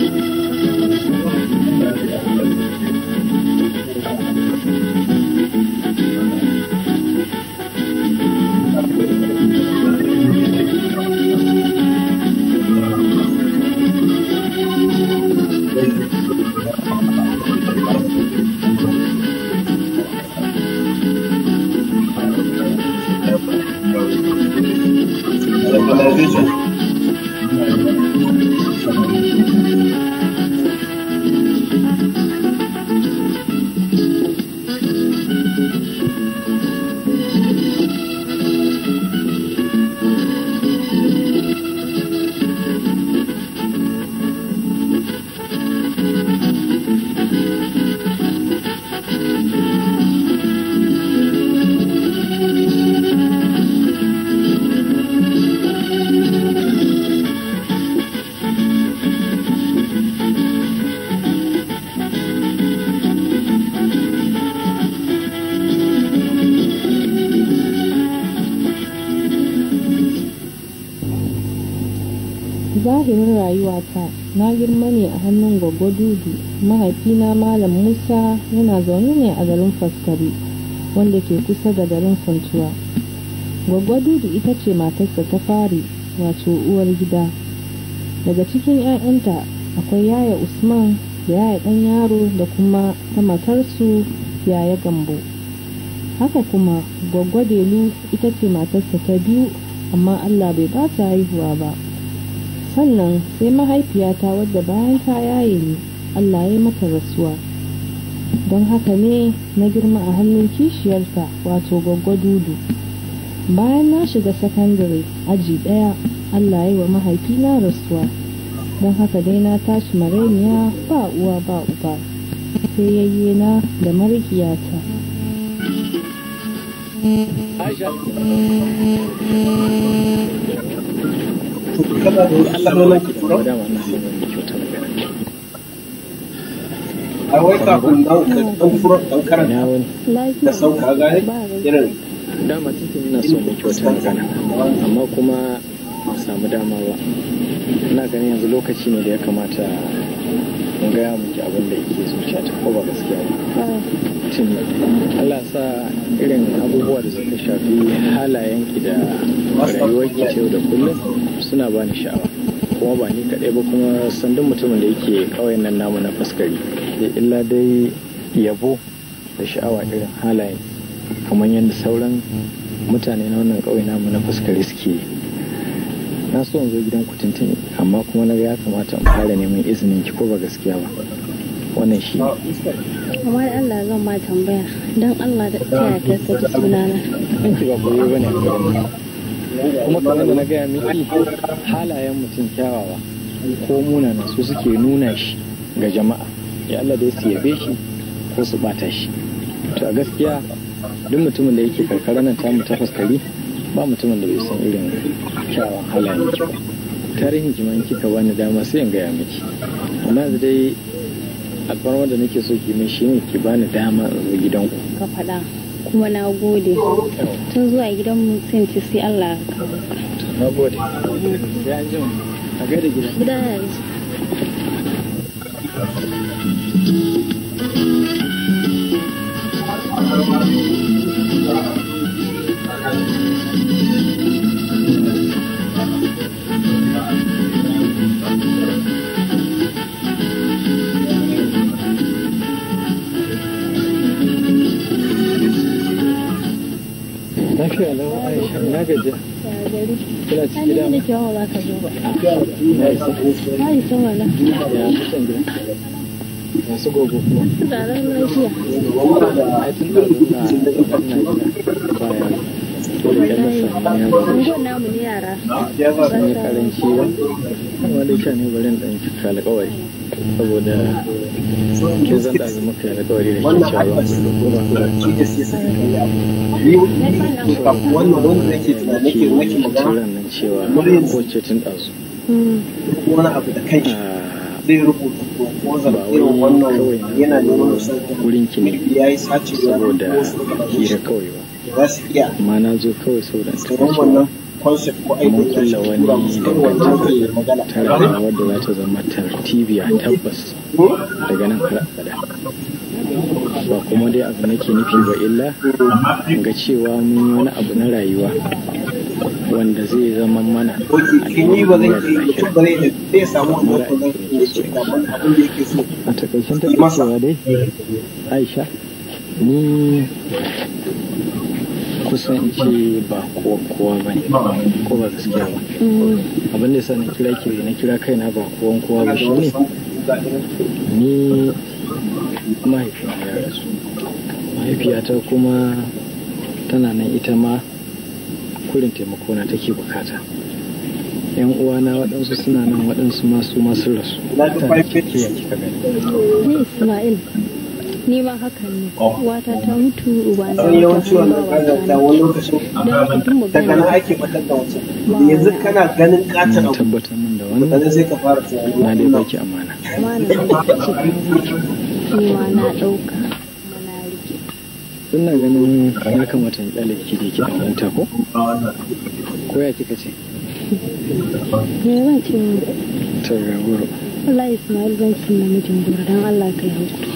Thank you. na girma ne a hannun gwaggo dudu mahaifina malam musa yana zaune ne a garin faskari wanda ke kusa da garin santuwa gwaggo dudu ita ce matarsa ta fari wato uwar gida daga cikin 'ya'yanta akwai yaya usman da yaya dan yaro da kuma ta matarsu yaya gambo haka kuma gwaggwadelu ita ce matarsa ta biyu amma allah bai ba ta haihuwa ba sannan sai mahaifiyata wadda bayan ta yaye ni allah ya mata rasuwa don haka ne na girma a hannun kishiyarta wato gwaggwa dudu bayan na shiga sakandare aji ɗaya, allah ya yi wa mahaifina rasuwa don haka dai na tashi marainiya ba uwa ba uba sai yayye na da marikiyata Aisha. kana da wasu kalolin a wai kafin nan ka dan furo dan karanta da sauka gane irin dama cikin ina son mu kyauta magana amma kuma samu dama ba ina ganin yanzu lokaci ne da ya kamata gaya miki abin da yake zuciya ta ko ba gaskiya ba Allah sa irin abubuwa da suka shafi halayen ki da ki yau da kullum suna ba ni sha'awa kuma ba ni kaɗai ba kuma sandun mutumin da yake kawai nan namu na faskari da illa dai yabo da sha'awa irin halayen kamar yadda sauran mutane na wannan kawai namu na faskari suke yi na so in zo gidan ku tuntuni amma kuma na ga ya kamata in fara neman izinin ki ko ba gaskiya ba wannan shi amma da Allah zan ma tambaya dan Allah da ta ta saki sunana in ki ba koyo bane kuma kamar da na gaya miki halayen mutum kyawawa ko munana su suke nuna shi ga jama'a ya Allah dai su yabe shi ko su bata shi to a gaskiya duk mutumin da yake karkara nan tamu ta fuskari ba mutumin da bai san irin kyawun halayen ki ba tarihin ki man kika bani dama sai in gaya miki amma yanzu dai alfarmar da nake so ki min shi ne ki bani dama in zo gidanku ka faɗa kuma na gode tun zuwa gidan mu sai ci sai Allah ka na gode ya ji a gaida gidan gidan aisha ina barin saboda ke zan da azumi kai na da shi cewa ba su ah. ba ko tun irin wannan yana da wani wurin ki ne ya yi sace saboda hira kawai ba za su iya na zo kawai saboda ta wannan concept ko aikin da shi tura musu wannan zai magana tara wadda za ta zama tartibiya tabbas daga nan har abada ba kuma dai abu nake nufi ba illa ga cewa mun yi wani abu na rayuwa wanda zai zama mana a takaicin tabbatawa dai aisha ni kusanci ba kowa ba ne ko ba gaskiya ba mm. abin da na kira ke na kira kaina ba kowan kowa ba shi ne ni mahaifina ya rasu mahaifiyata kuma tana nan ita ma kurin taimako na take bukata yan uwana waɗansu suna nan waɗansu masu masu rasu ta da yanki ka gani ni ma hakan ne oh. Wata ta mutu uba ta yawanci wannan kaga da wani lokacin daga nan ake fitar da wancan yanzu kana ganin katin abu tabbatar min da wani kaga sai ka fara tunani na dai baki amana amana da ni ma na dauka ina ganin ya kamata in kyale ki da ki dan huta ko ko ya kika ce me zan ce to ga goro wallahi Ismail zan ce mijin goro dan Allah kai hakuri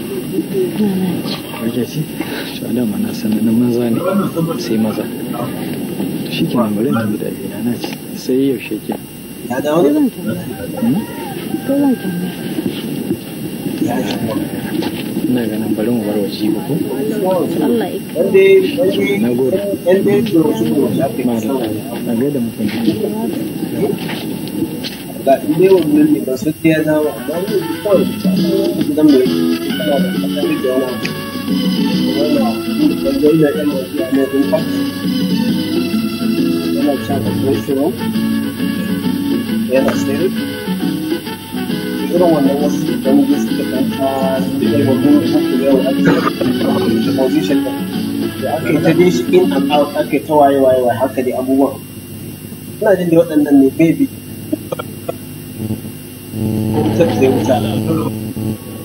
Kake ci? To na sananin maza ne sai maza. Shi ke nan bari ta guda biyu na ci sai yaushe ke. Ya dawo? zan tambaya. Hmm? Ina ganin bari mu waje ba ko? Allah ya Na gode. Na gaida mutum. wannan ne ba sai ya dawo amma kawai irin wannan wasu don yi suka kanta da ya babu mutu yau a cikin position da aka yi ta dai shi in and out aka yi ta waye waye waye haka dai abubuwan ina jin da waɗannan ne baby ko ta zai wuce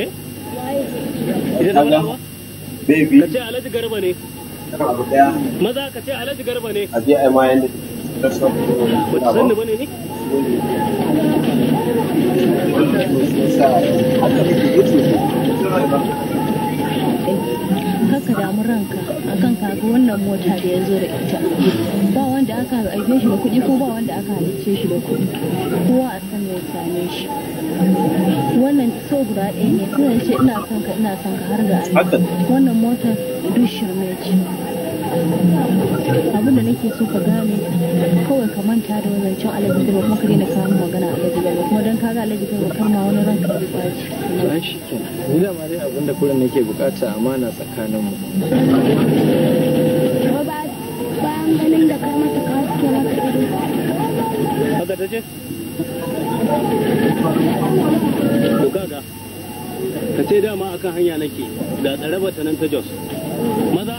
eh ita ta ka ce alhaji garba ne maza ka ce alhaji garba ne a ma ne kakka damu ranka kan kaga wannan mota da ya zo da ita ba wanda aka haife shi da kuɗi ko ba wanda aka halicce shi da kuɗi kowa a san ya same shi wannan so guda ɗaya ne sai ce ina son ka ina son ka har ga Allah wannan motar duk shirme ce abin da nake so ka gane kawai ka manta da wazancin alaji da kuma ka daina samun magana alaji da kuma dan ka kaga alaji da ba karma wani ranka da baci to ai shikenan ni da ma dai abin da kullum nake bukata amana tsakanin mu bayan ganin da ka mata ka ke mata ido haka ta ce to kaga ka ce dama akan hanya nake da tsaraba ta nan ta jos maza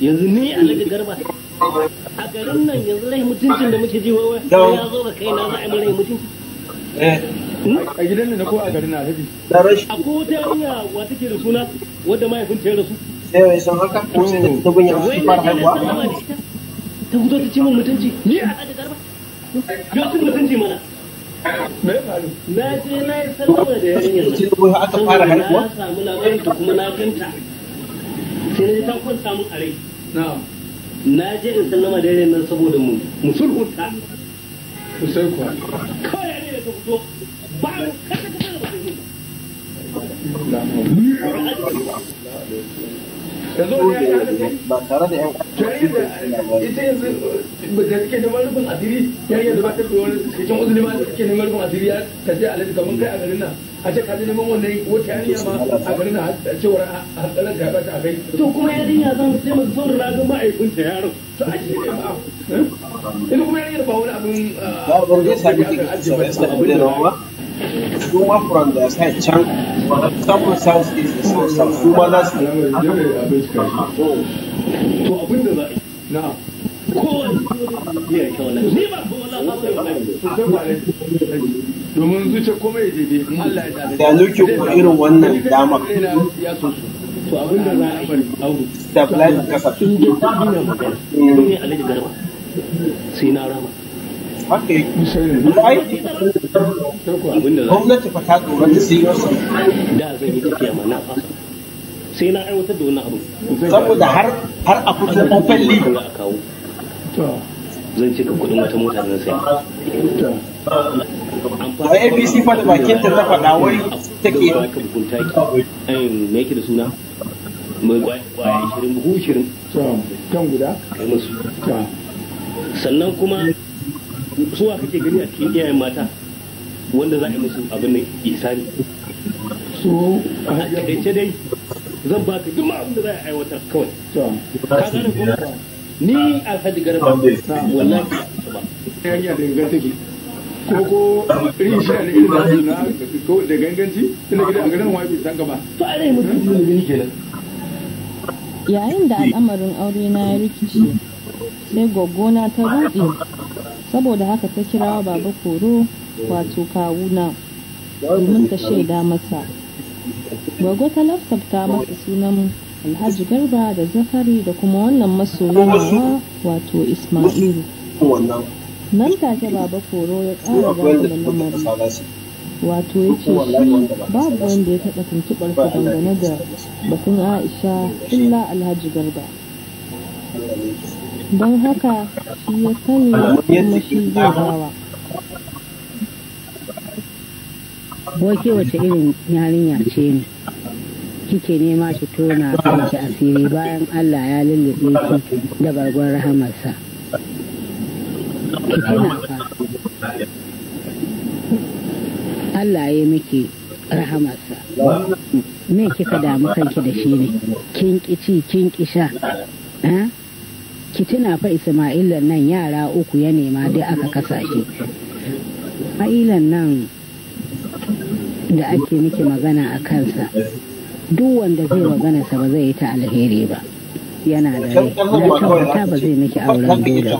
yanzu ni alaji garba a garin nan yanzu rai mutuncin da muke ji wai ya zo za a yi rai eh. hmm? a gidan nan ko a garin na alaji da rashi a ko wata yarinya wa take da suna wadda mahaifin ta ya rasu eh wai san haka ko oh. sai da ta gunya su fara haihuwa ta ta ce min mutunci ni a garba mutunci mana na je na yi sallama da yarinyar nan na kuma na ganta ta a na je in sallama da nan saboda mu mu sulhunta sai kuwa kawai da ta fito ba mu kada kasa da ba ba ba tare da da take neman rufin asiri yan da da ya kai a garin a ce a garin nan a cewar hankalar ta ba ta a shi wani abin ba eh, ba zai sami su from their side can samun south east da south south su kuma ya daidai da nuke ku irin wannan dama to abin da za a da fulani kasa sun je ta garba hmm. hmm. sai na rama haka yake aiki gwamnati fa ta tsorata wasu da zan yi tafiya na sai na aiwatar da wani abu saboda har har a kusa open league a kawo zan cika kuɗin wata mota na saya a abc da bakin ta faɗa wai me yake da suna mai kwaya 20 buhu 20 kan guda kai sannan kuma suwa kake gani a cikin iyayen mata wanda za a yi musu abin nan isani so a takaice dai zan ba ka duk abin da za a aiwatar kawai ka gane kuma ni alhaji garba wallahi ba hanya da gangan take ko da ganganci ina yayin da al'amarin aure na ya rikice sai gogona ta ruɗe saboda haka ta kira ah, baba koro wato kawuna domin ta shaida masa gwagwa ta lafsafta masa sunan alhaji garba da zakari da kuma wannan masoyin wato ismailu nan take baba koro ya ƙara gano da lamari wato ya ce shi babu wanda ya taɓa tuntuɓar dangane da batun aisha illa alhaji garba don haka shi ya sani kuma shi zai bawa boke wace irin yarinya ce ne kike nema ki tona kanki asiri bayan Allah ya lullube ki da bargon rahamarsa ki tuna fa Allah ya miki rahamarsa me kika damu kanki da shi ne kin kici kin kisha eh? ki tuna fa isma'ilan nan yara uku ya nema dai aka kasa ki ma'ilan nan da ake miki magana a kansa duk wanda zai magana sa ba zai yi ta alheri ba yana da rai na tabbata ba zai miki auren dole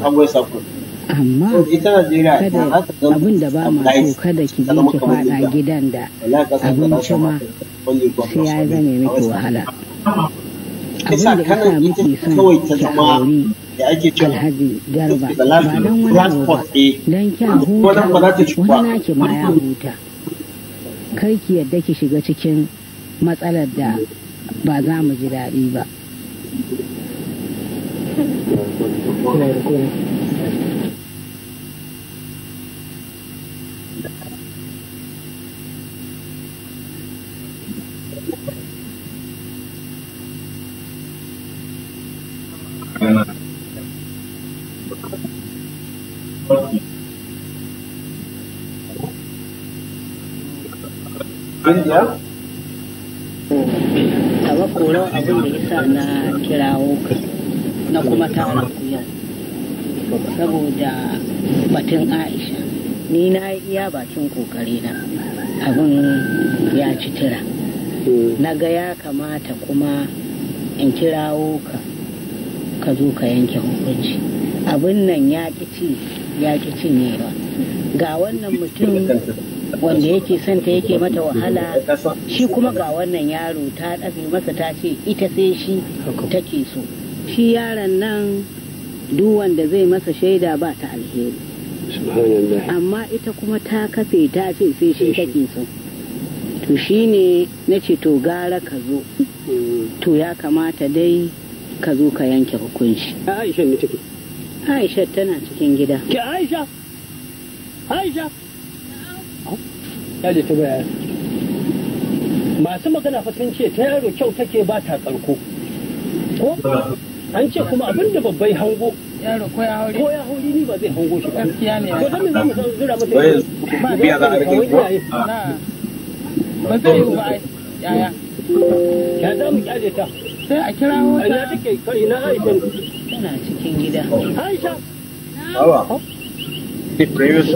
amma kada abin da ba ma so kada ki je ki fada gidan da abinci ma sai ya zame miki wahala abin da yasa muke son ki aure alhaji garba ba don wani abu eh, don kya huta wani naki ma ya kar ki yarda ki shiga cikin matsalar da ba za mu ji daɗi ba sana kila uka na kuma ta makuyan saboda batun aisha ni na iya bakin kokari na abin ya ci tira na ga ya kamata kuma in kira ka ka zo ka yanke hukunci abin nan ya ci ya ci cinyewa ga wannan mutum wanda yake son ta yake mata wahala shi kuma ga wannan yaro ta ɗafi masa ta ce ita sai shi take so shi yaron nan duk wanda zai masa shaida ba ta alheri amma ita kuma ta kafe ta ce sai shi take so to shi ne na ce to gara ka zo mm. to ya kamata dai ka zo ka yanke hukunci aisha aisha tana cikin gida ke aisha aisha Yaji ta baya masu magana fa sun ce ta yaro kyau take ba ta karko ko an ce kuma abin da babbai hango yaro ko ya hauri ko ya hauri ni ba zai hango shi ba gaskiya ne ko dan me zamu zura mata ba biya za a rike ko ba zai yi ba yaya ya za mu kyale ta sai a kira wata ina take kai na Aisha tana cikin gida Aisha awa the previous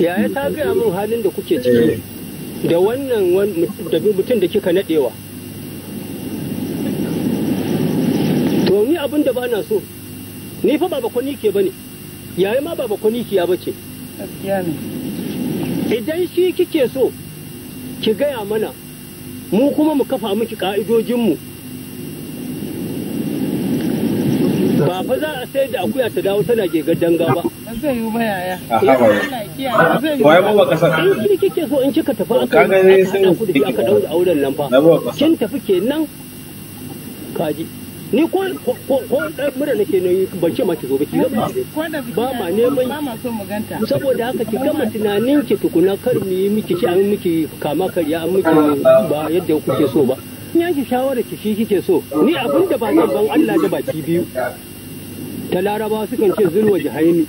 yaya ta gaya min halin da kuke ciki eh. da wannan mutum da kika nadewa to ni abin da ba na so ni fa baba kwani ke bane yayi ma baba kwani ya bace idan shi kike so ki gaya mana mu kuma mu kafa miki ka'idojinmu mu ba fa za a sai da akuya ta dawo tana ke danga ba zai yi ba yaya wai ba kasa ni kike so in kika tafi aka ga ne sai aka daura auren nan fa kin tafi kenan kaji ni ko dan mura nake ne ban ce ma ki zo ba ki ga ba ma neman ba ma so mu ganta saboda haka ki gama tunanin ki tukuna kar mu yi miki ci an miki kama karya an miki ba yadda kuke so ba in ki shawara ki shi kike so ni abin da ba zan ban Allah da baki biyu ta laraba sukan ce zulwa jihaini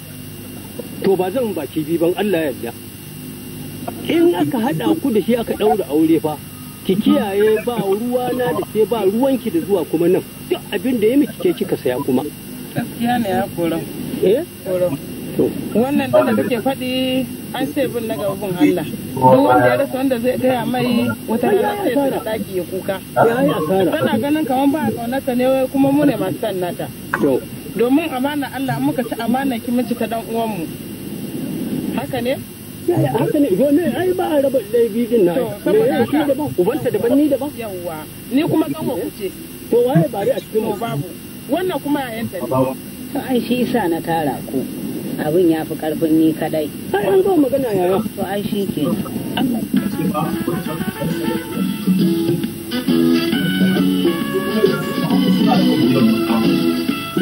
to ba zan baki bi ban Allah yarda in aka haɗa ku da shi aka ɗaura aure fa ki kiyaye ba ruwa na da ke ba ruwanki da zuwa kuma nan duk abin da ya miki ke kika saya kuma gaskiya ne ya koro eh koro wannan da da kuke faɗi an ce bin na gaban Allah duk wanda ya rasa wanda zai taya mai wata rana sai ta daki ya kuka tana ganin kaman ba a kaunarta ne kuma mu ne masu sannata to domin amana Allah muka ci amana ki miji ta dan uwanmu haka ne haka ne go ne ai ba raba laifi din na saboda shi daban ubanta ban ni da ba yawa ni kuma wa kuce to waye bare a cikin mu babu wannan kuma yanta ne ai shi isa na tara ku abin ya fi karfin ni kadai ai an zo magana yaya to ai shi ke Thank you. Shiri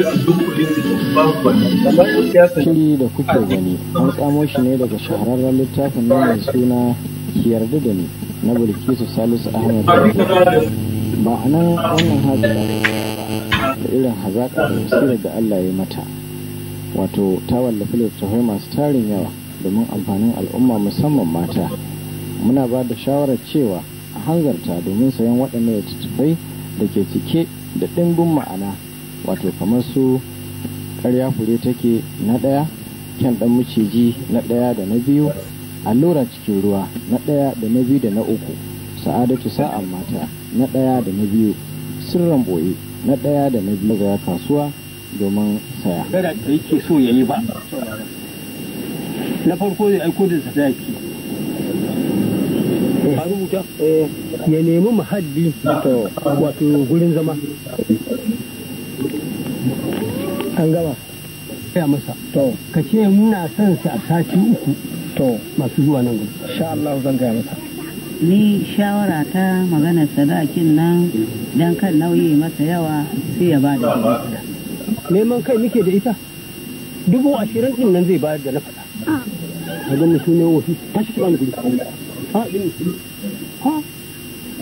da kuke gani an tsamo shi ne daga shahararren littafin nan mai suna ki yarda da ni na Bilkisu Salisu Ahmed ba a nan wannan hazara da irin hazaƙa da wasira da Allah ya mata wato ta wallafi littattafai masu tarin yawa domin amfanin al'umma musamman mata muna ba da shawarar cewa a hanzarta domin sayan waɗannan littattafai da ke cike da ɗimbin ma'ana wato kamar su ƙarya fure take na ɗaya kyan ɗan maciji na ɗaya da na biyu allura cikin ruwa na ɗaya da na biyu da na uku sa'adatu sa'an mata na ɗaya da na biyu sirran boye na ɗaya da na biyu ga kasuwa domin saya kada so ya yi ba na farko zai aiko da sadaki a rubuta eh, ya nemi muhalli wato gurin zama an gama ya masa to ka ce muna son sa sati uku to masu zuwa nan gudu insha Allah zan gaya masa ni shawara ta magana sadakin nan dan kan nauyi masa yawa sai ya ba da neman kai muke da ita dubu ashirin din nan zai bayar da na faɗa ah. a ganin sunan wasu tashi ba mu gudu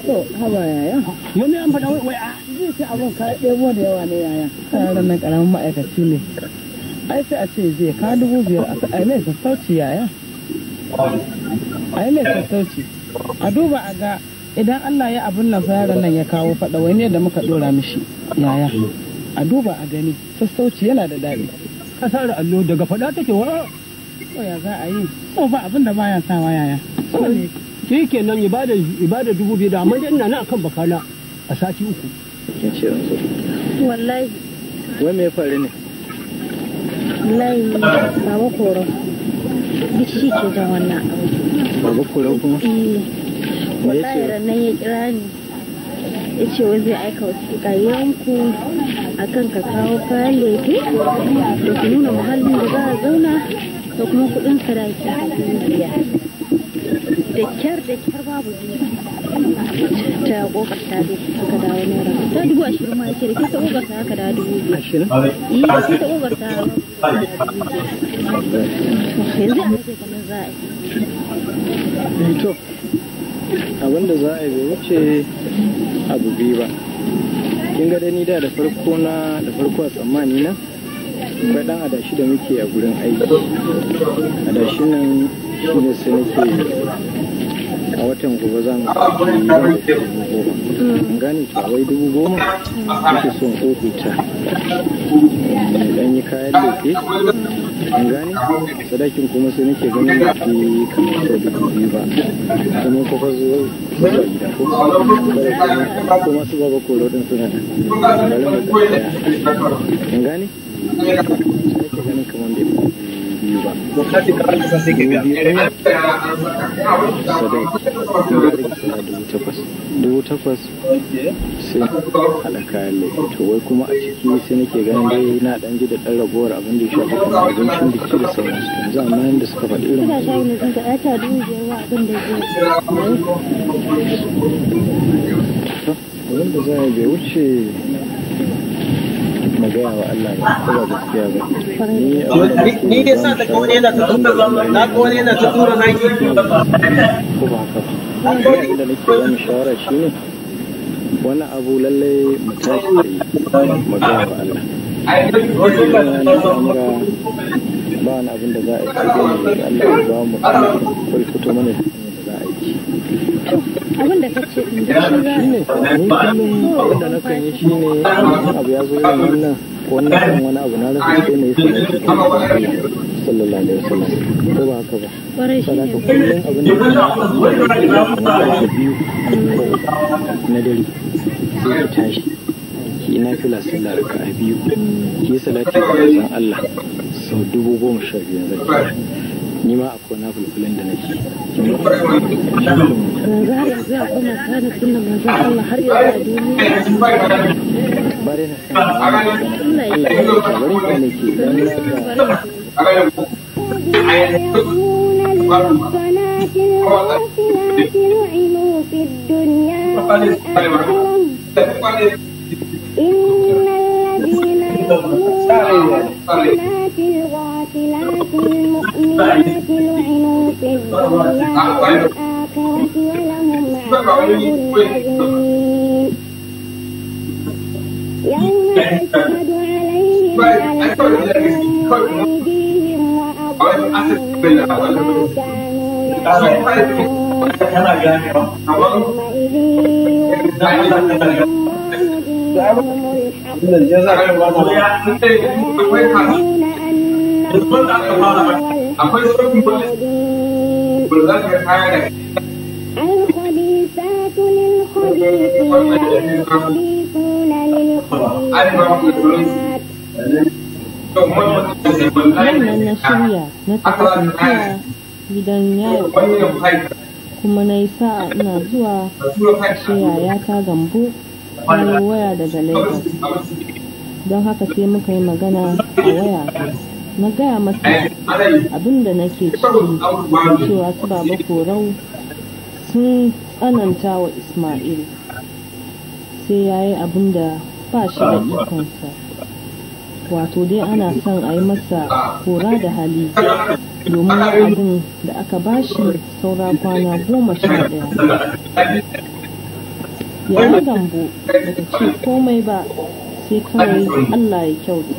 To, haba yaya. Yau me an faɗa wai a zai ce abun ka ɗebo da yawa ne yaya. Yaran nan ƙaramin ma'aikaci ne. Ai sai a ce zai ka dubu biyar a mai sassauci yaya. Ai mai sassauci. A duba a ga idan Allah ya abun nan yaran nan ya kawo faɗa wai ne da muka ɗora mishi yaya. A duba a gani sassauci yana da daɗi. Kasar allo daga faɗa take wa. ko ya za a yi. Ko ba abin da baya sawa yaya. shi ke nan ibada dubu biyu da amma na na kan bakala a sati uku wallahi wai me ya faru ne wallahi ba koro duk shi ke da wannan abu baba koro kuma eh. wallahi ranar ya kira ni ya ce wai zai aika wasu wasiƙa yanku akan ka kawo kayan lefe da ku nuna muhallin da za a zauna da kuma kuɗin saraki da kyar da kyar babu ta kokarta dai suka dawo naira ta dubu ashirin ma da ke ta haka da dubu biyu da za a to abinda yi bai wuce abu ba kin ga ni da da farko na da farko a tsammani na akwai dan adashi da muke a gurin aiki adashi nan shi ne sai nake a watan gobe zan yi da dubu goma gane ta wai dubu goma nake son dan yi kayan lefe gane sadakin kuma sai nake ganin da ke kamar da dubu biyu ba gida kuma su baba koro din suna da gane sai ganin kamar da biyu ba dubu takwas sai haɗa kayan to wai kuma a ciki sai nake ganin dai na ɗan ji da ɗan ragowar abin da ya shafi abincin biki da sauransu yanzu amma yadda suka faɗi irin abin za a bai wuce na wa Allah ba ko gaskiya ba ni dai sa ta kone yana ta tura na kone yana ta tura na yi ko ba haka ba nake ba shawara shine wani abu lallai mu tashi da yi mu wa Allah ba wani abin da za a yi sai dai Allah ya ba mu fito mana abin da kace in shi ne ni kullum abin da na kan yi abu ya zo wannan kan wani abu na rasa sai ne sai shi sallallahu alaihi wasallam ko ba haka ba kullum abin da na dare sai ka tashi na fila raka'a biyu salati Allah sau dubu goma sha zai ni ma akwai na fulfulan da nake yanzu a kuma tsarin sunan manzon Allah har yanzu a duniya na san yi ke إن الذين يؤمنون بالغافلات المؤمنات جنات ولهم عذاب يوم تشهد عليهم ألسنتهم وأيديهم وأرجلهم بما كانوا يكسبون يومئذ akwai sauran ba ba za ka kaya da الخبيثات للخبيثين الخبيثون للخبيثات Wannan na shirya na taɓa tafiya gidan yaro kuma na yi sa'a ina zuwa ce yaya ta gambo ta waya daga Lagos don haka sai muka yi magana a waya na gaya masa abinda nake ciki cewa su baba korau sun tsananta wa ismail sai ya yi abinda ba shi da ikonsa wato dai ana son a yi masa kora da hali domin abin da aka ba shi saura kwana goma sha ɗaya yi gambo bata ce komai ba sai kawai allah ya kyauta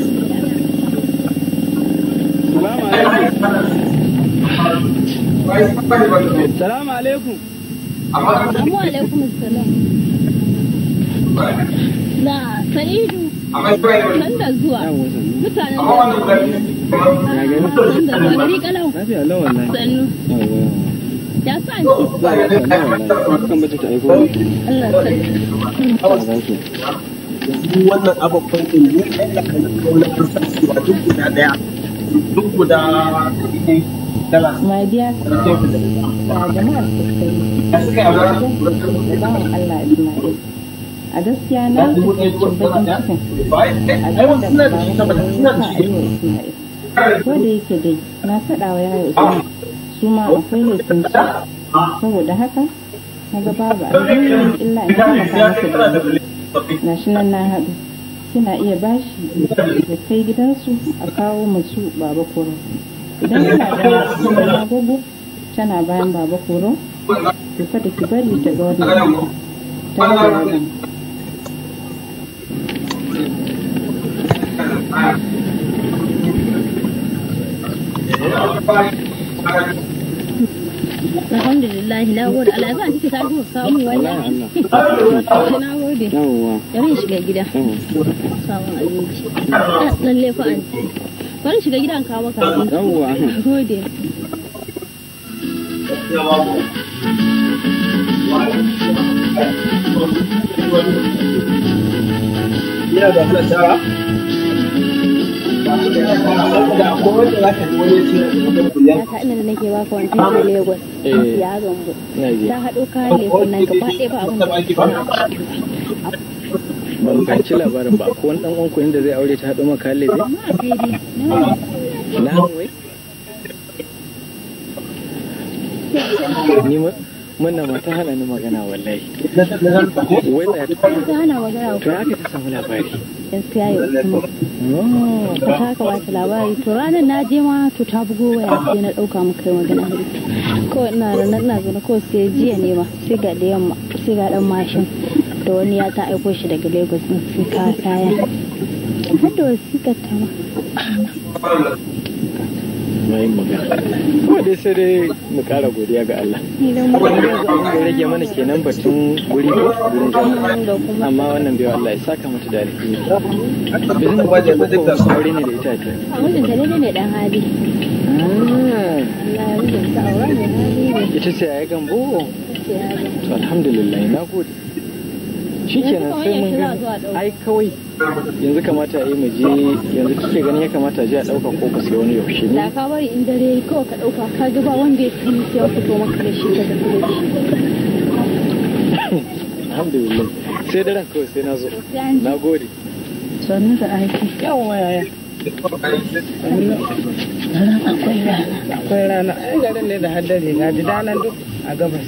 Salamu alaikum. Salamu alaikum salam. Na Sa'idu. Kan da zuwa. Mutanen da zuwa. Gari kalau. Sannu. Ya sa ni. Allah Wannan abubuwan ɗin ne, kusa duk guda ɗaya. duk guda talatin. a da Allah Ismail. A gaskiya na cikin bakin cikin eh, da da Ko da yake dai na faɗa wa yaya Usman su ma akwai laifin su saboda haka na ga babu a illa in kama da na shi nan na haɗu. kina iya bashi da kai gidansu a kawo masu baba koro idan kina da agogo tana bayan baba koro to kada ki bari ta ga wani ta ga wannan alhamdulillah na gode Allah ya sa kike ta kawo mu wannan rufe bari shiga gida abinci ah, lalle fa an bari shiga gida an kawo maka yawwa gode Ina da eh, ya haɗo ba abin da ba. ban fahimci labarin ba ko wani dan uwanku inda zai aure ta haɗu maka halibi na wai ni muna mata hana ni magana wallahi wai da ta hana magana to haka ta samu labari gaskiya ya kuma oh. ta haka ba ta labari to ranar na je ma to ta bugo waya sai na dauka mu kai magana ko ina ranar na zo na ko sai jiya ne ma sai ga da yamma sai ga dan mashin da wani ya ta aiko shi daga lagos din sun kawo kaya har da wasiƙar ta ma kuma dai sai dai mu kara godiya ga Allah da rage mana kenan batun guri ko gurin zama amma wannan bai Allah ya saka mutu da alheri bizin da duk da su wuri ne da ita ce mijin ta ne ne dan hali ita sai ya gambo alhamdulillah na gode shikenan sai mun ai kawai yanzu kamata a yi mu je yanzu kike ganin ya kamata je a dauka ko ka sai wani yaushe ne da ka bari in dare kawai ka dauka ka ga ba wanda ya sai maka da shi ka tafi alhamdulillah sai daren kawai sai na zo na gode sannu da aiki yaya akwai rana garin ne da haddari na ji danan duk a gabas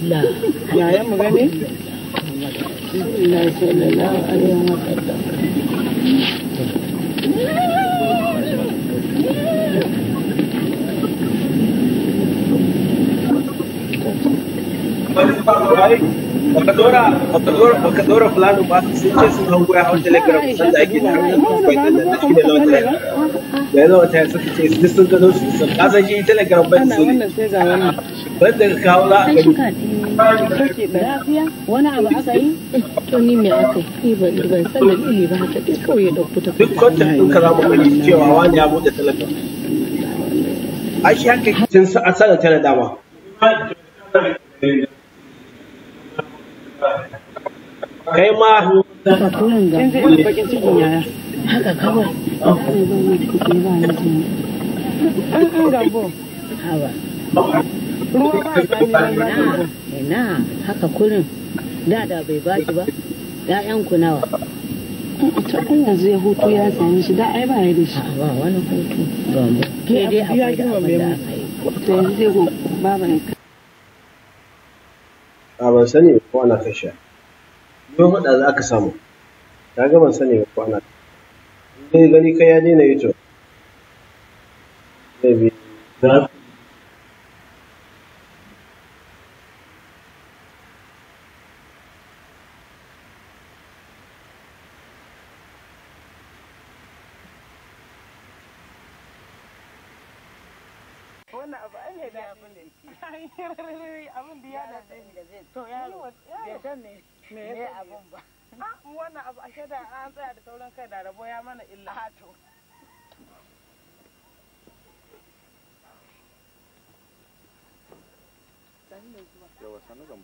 yayan mu gane Allah sallallahu alaihi wa sallam baka bai daga kawo za a kai lafiya wani abu aka yi to ni me aka yi ban ban san da ni ba haka dai kawai ya dauko ta duk kwatan din ka za gani cewa wani ya bude talaka ai shi haka kin sa asara tana dama kai ma ka kuran ga wani haka kawai an gambo hawa ruwa ba a tsami ina haka kullum? da da bai baki ba ƴaƴan ku nawa ta an yanzu ya hutu ya sami shi da ai ba ya da shi ba wani hutu ba mu ke dai akwai da abin da yi to yanzu zai go baba ne a ban sani ko ana kashe don faɗa za ka samu ta ga ban sani ko ana kashe gani kai ya daina yi to maybe that san ne me ya abun ba ah, wannan abu ashe da an tsaya da sauran kai da rabo ya mana illa ah, yawa sanu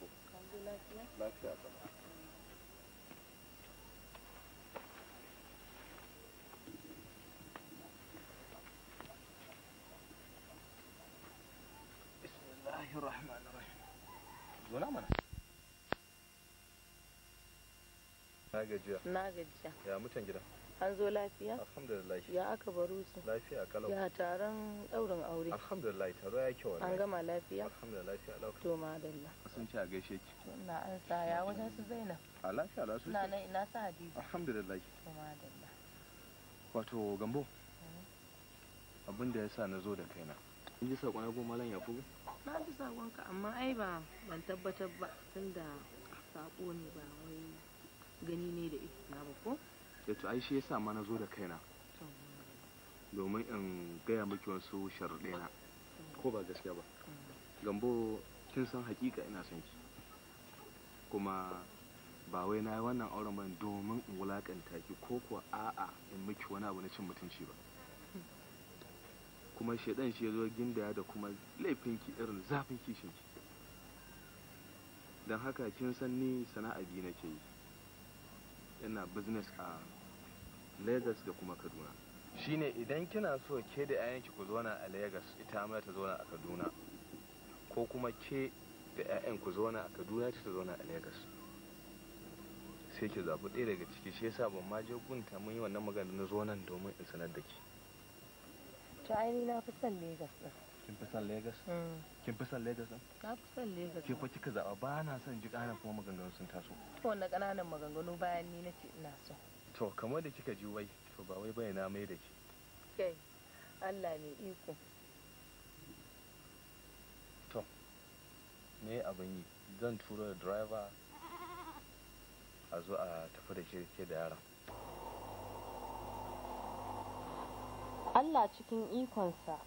lafiya mana Na gajiya. Na gajiya. Ya mutan gida. An zo lafiya? Alhamdulillah. Ya aka baro su? Lafiya kalau. Ya taron ɗaurin aure? Alhamdulillah taro ya kyau. An gama lafiya? Alhamdulillah lafiya lau. To madalla. Sun ci a gaishe ki. Na an sa ya wajen su Zainab. A lafiya la su. Na na ina sa Hadiza. Alhamdulillah. To madalla. Wato Gambo. Hmm? Abin da ya sa na zo da kaina. kun ji saƙon abu malam ya fuga? Na ji saƙonka amma ai ba ban tabbatar ba tunda saƙo ne ba gani ne da ido ba ko da to ai shi yasa ma na zo da kaina domin in gaya miki wasu na ko ba gaskiya ba gambo kin san hakika ina son ki kuma ba wai na yi wannan auren ba domin in wulakanta ki ko kuwa a'a in miki wani abu na cin mutunci ba kuma shaidan shi ya zo gindaya da kuma laifinki irin zafin kishinki don haka kin san ni sana'a biyu nake yi yana business a lagos da kuma kaduna shine idan kina so ke da 'ya'yanki ku zauna a lagos ita ma ta zauna a kaduna ko kuma ke da 'ya'yan ku zauna a kaduna ta zauna a lagos sai ki zaɓi ɗaya daga ciki shi yasa ban ma je gunta mun yi wannan magana na zo nan domin in sanar da ki to ainihin na fi son lagos ɗin kin fi son Lagos? Mm. Kin fi son Lagos ɗin? Na fi son Lagos. Ke fa kika zaɓa ba na son ji ƙana kuma maganganu sun taso. To na ƙananan maganganu bayan ni nace ina so. To kamar da kika ji wai to ba wai bai na mai da ke. Kai Allah ne iko. To me abin yi zan turo da driver a zo a tafi da ke da yaran. Allah cikin ikonsa.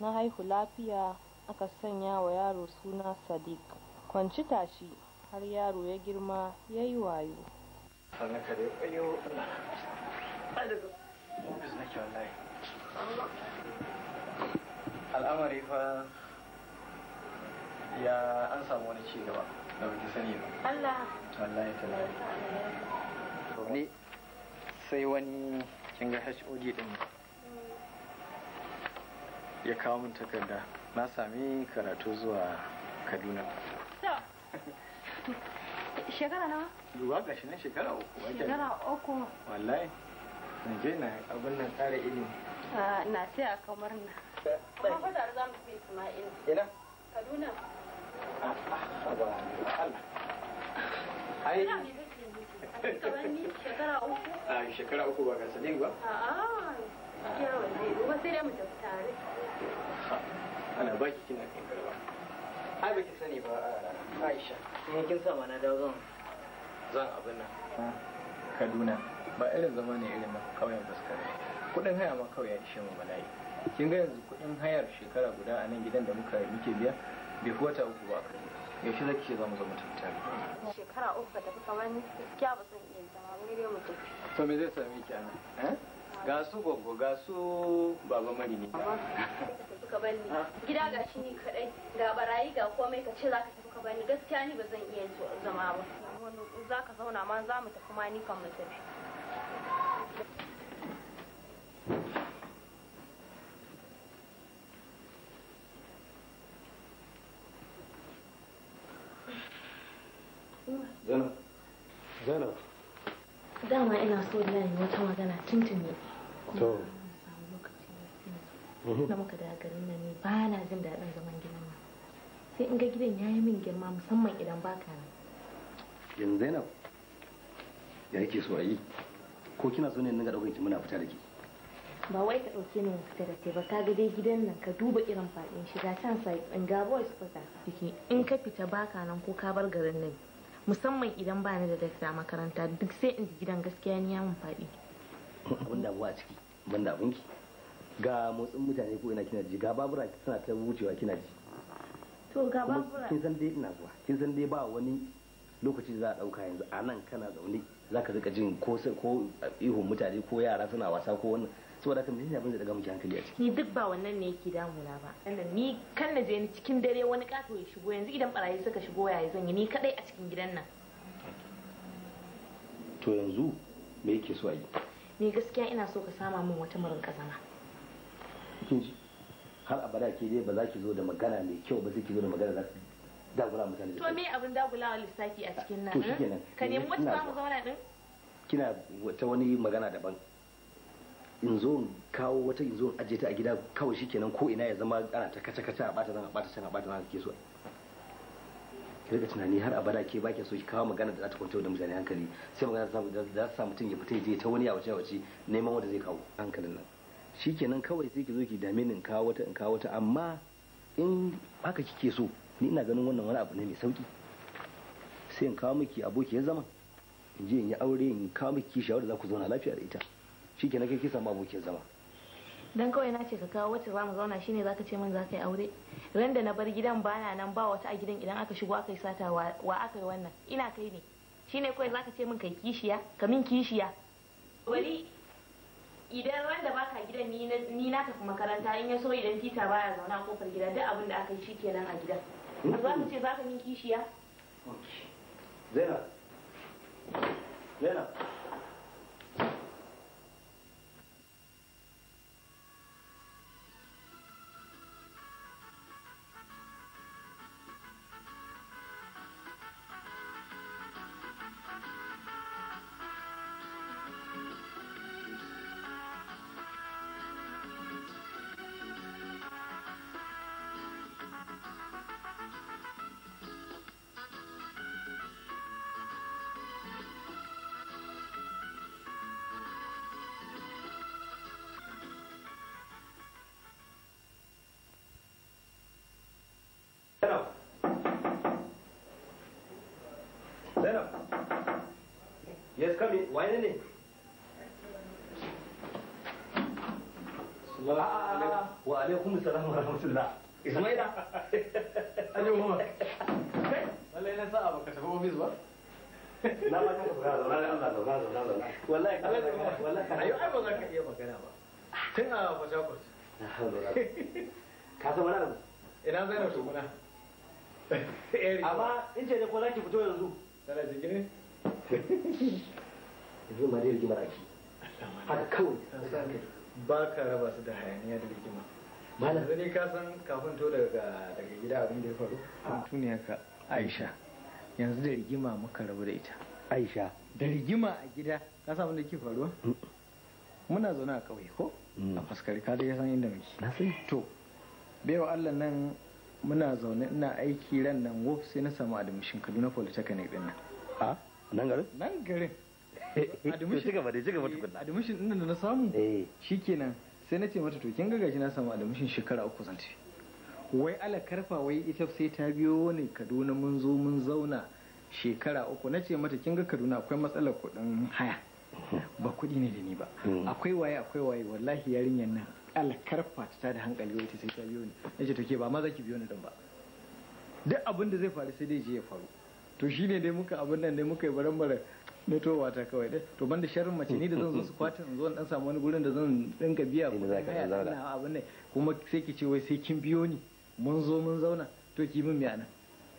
na haihu lafiya aka sanya wa yaro suna sadiq kwanci tashi har yaro ya girma ya yi wayo al'amari fa ya an samu wani ci gaba da baki sani ba Allah wallahi tallahi ne sai wani kinga ga HOD din ya kawo min takarda na sami karatu zuwa kaduna shekara nawa? duba ga shi nan shekara uku shekara uku wallahi na je na abin nan tsara ilimi na ce a kamar na kuma fadar za mu fi isma'il ina kaduna ah, ah, ai ah, shekara uku ba ka sani ba a'a Ya wallahi gobe sai dai mu tafi tare. Ana baki kina kan karba. Ai baki sani ba Aisha. Ni eh, kin sa mana dawo zan zan abin nan. Kaduna ba irin zama ne irin na kauyen fuskar. Kudin haya ma kawai ya ishe mu bala'i. Kin ga yanzu kudin hayar shekara guda a nan gidan da muka muke biya bai fi wata uku ba kai. Yaushe zaki ce za mu zama tattare. Shekara uku ka tafi kamar gaskiya ba san iya zama mu ne mu tafi. To me zai same ki ana? Eh? ga su gogo ga su baba mari ne suka bani gida ga shi ni kadai ga barayi ga komai ka ce ka tafi ka bani gaskiya ni ba zan iya zama ba za ka zauna ma za mu tafi ma ni kan mu tafi Zainab. Zainab. Dama ina so da yi wata magana tuntuni. to mhm. na muka da garin nan ne ba na jin daɗin zaman gidan nan sai in ga gidan ya yi min girma musamman idan baka nan yanzu zainab ya yake so a yi ko kina so ne in ga ɗaukar ki muna fita da ke ba wai ka ɗauke ni fita da kai ba ka ga dai gidan nan ka duba irin faɗin shiga can sai in ga boys fita ciki in ka fita baka nan ko ka bar garin nan musamman idan ba ni da dakta makaranta duk sai in ji gidan gaskiya ni ya mun faɗi abin damuwa a ciki ban da abinki ga motsin mutane ko ina kina ji ga babura suna ta wucewa kina ji to ga babura kin san dai ina zuwa kin san dai ba wani lokaci za a dauka yanzu a nan kana zaune zaka rika jin ko ko eh, ihun mutane ko yara suna wasa ko wannan saboda haka menene abin da daga miki hankali a ciki ni duk ba wannan ne yake damuna ba ni kan na je ni cikin dare wani kato ya shigo yanzu idan barayi suka shigo yaya zan yi ni kadai a cikin gidan nan to yanzu me yake so a yi ni gaskiya ina so ka sama min wata murin kazana kin ji har abada ke dai ba za ki zo da magana mai kyau ba sai ki zo da magana za ki dagula mutane to me abin wa lissafi a cikin nan eh? ka nemi wata za mu zauna din kina wata wani magana daban in zo in kawo wata in zo in ajiye ta a gida kawai shikenan ko ina ya zama ana ta kace kace a bata zan a bata can a bata zan ke so ki rika tunani har abada ke baki so ki kawo magana da za ta kwantar da mutane hankali sai magana za ta sa mutum ya fita ya je ta wani yawace yawace neman wanda zai kawo hankalin nan shikenan kawai sai ki zo ki dame ni in kawo wata in kawo wata amma in haka kike so ni ina ganin wannan wani abu ne mai sauki sai in kawo miki aboki ya zama in je in yi aure in kawo miki shawara da za ku zauna lafiya da ita shikenan kai ki samu aboki ya zama dan kawai na ce ka kawo wacce za mu zauna shine zaka ce min zaka yi aure ran da na bar gidan bana nan ba wata a gidan idan aka shigo aka yi sata wa aka yi wannan ina kai ne shine kawai zaka ce min kai kishiya ka min kishiya wani idan ran da baka gidan ni na tafi makaranta in ya so idan tita baya zauna a kofar gida duk abin da aka yi shikenan a gidan za ka ce zaka min kishiya Zainab Zainab Yes, come in. Why ne? Wa alaikum salam wa rahmatullah. Ismaila. Wallahi na sa'a baka tafi office ba. Na ba fara Allah Wallahi wallahi ai ba za ka iya magana ba. Tun a Ka san Ina zai na Amma in ce ne ko zaki fito yanzu? yanzu ma dai rigimar ake haka kawai ba ka raba su da hayaniya da rigima malam yanzu ka san kafin to daga daga gida abin da ya faru ah. tuniya ka aisha yanzu da rigima muka rabu da ita aisha da rigima a gida ka samu da ke faruwa mm. muna zaune a kauye ko mm. a faskari ka dai san inda muke na sai to baiwa Allah nan muna zaune ina aiki ran nan wuf sai na samu admission Kaduna Polytechnic din nan a ah? nan garin nan garin eh, eh, adimishin eh, gaba da gaba tukunna adimishin din na samu shikenan sai na ce mata to kin ga na samu adamushin shekara uku zan tafi wai ala karfa wai ita sai ta biyo ne Kaduna mun zo mun zauna shekara uku na ce mata kin ga Kaduna akwai matsalar kuɗin haya ba kuɗi ne da ni ba hmm. akwai waye akwai waye wallahi yarinyar nan ala karfa ta da hankali wai ita sai ta biyo ni Na ce to ke ba ma za ki biyo ni don ba duk abin da zai faru sai dai je ya faru to shi dai muka abin nan ne muka yi baran-baran na towa ta kawai dai to ban da sharrin mace ni da zan zo su kwata in zo in dan samu wani gurin da zan dinka biya ko da haya ina abin ne kuma sai ki ce wai sai kin biyo ni mun zo mun zauna to ki min miya nan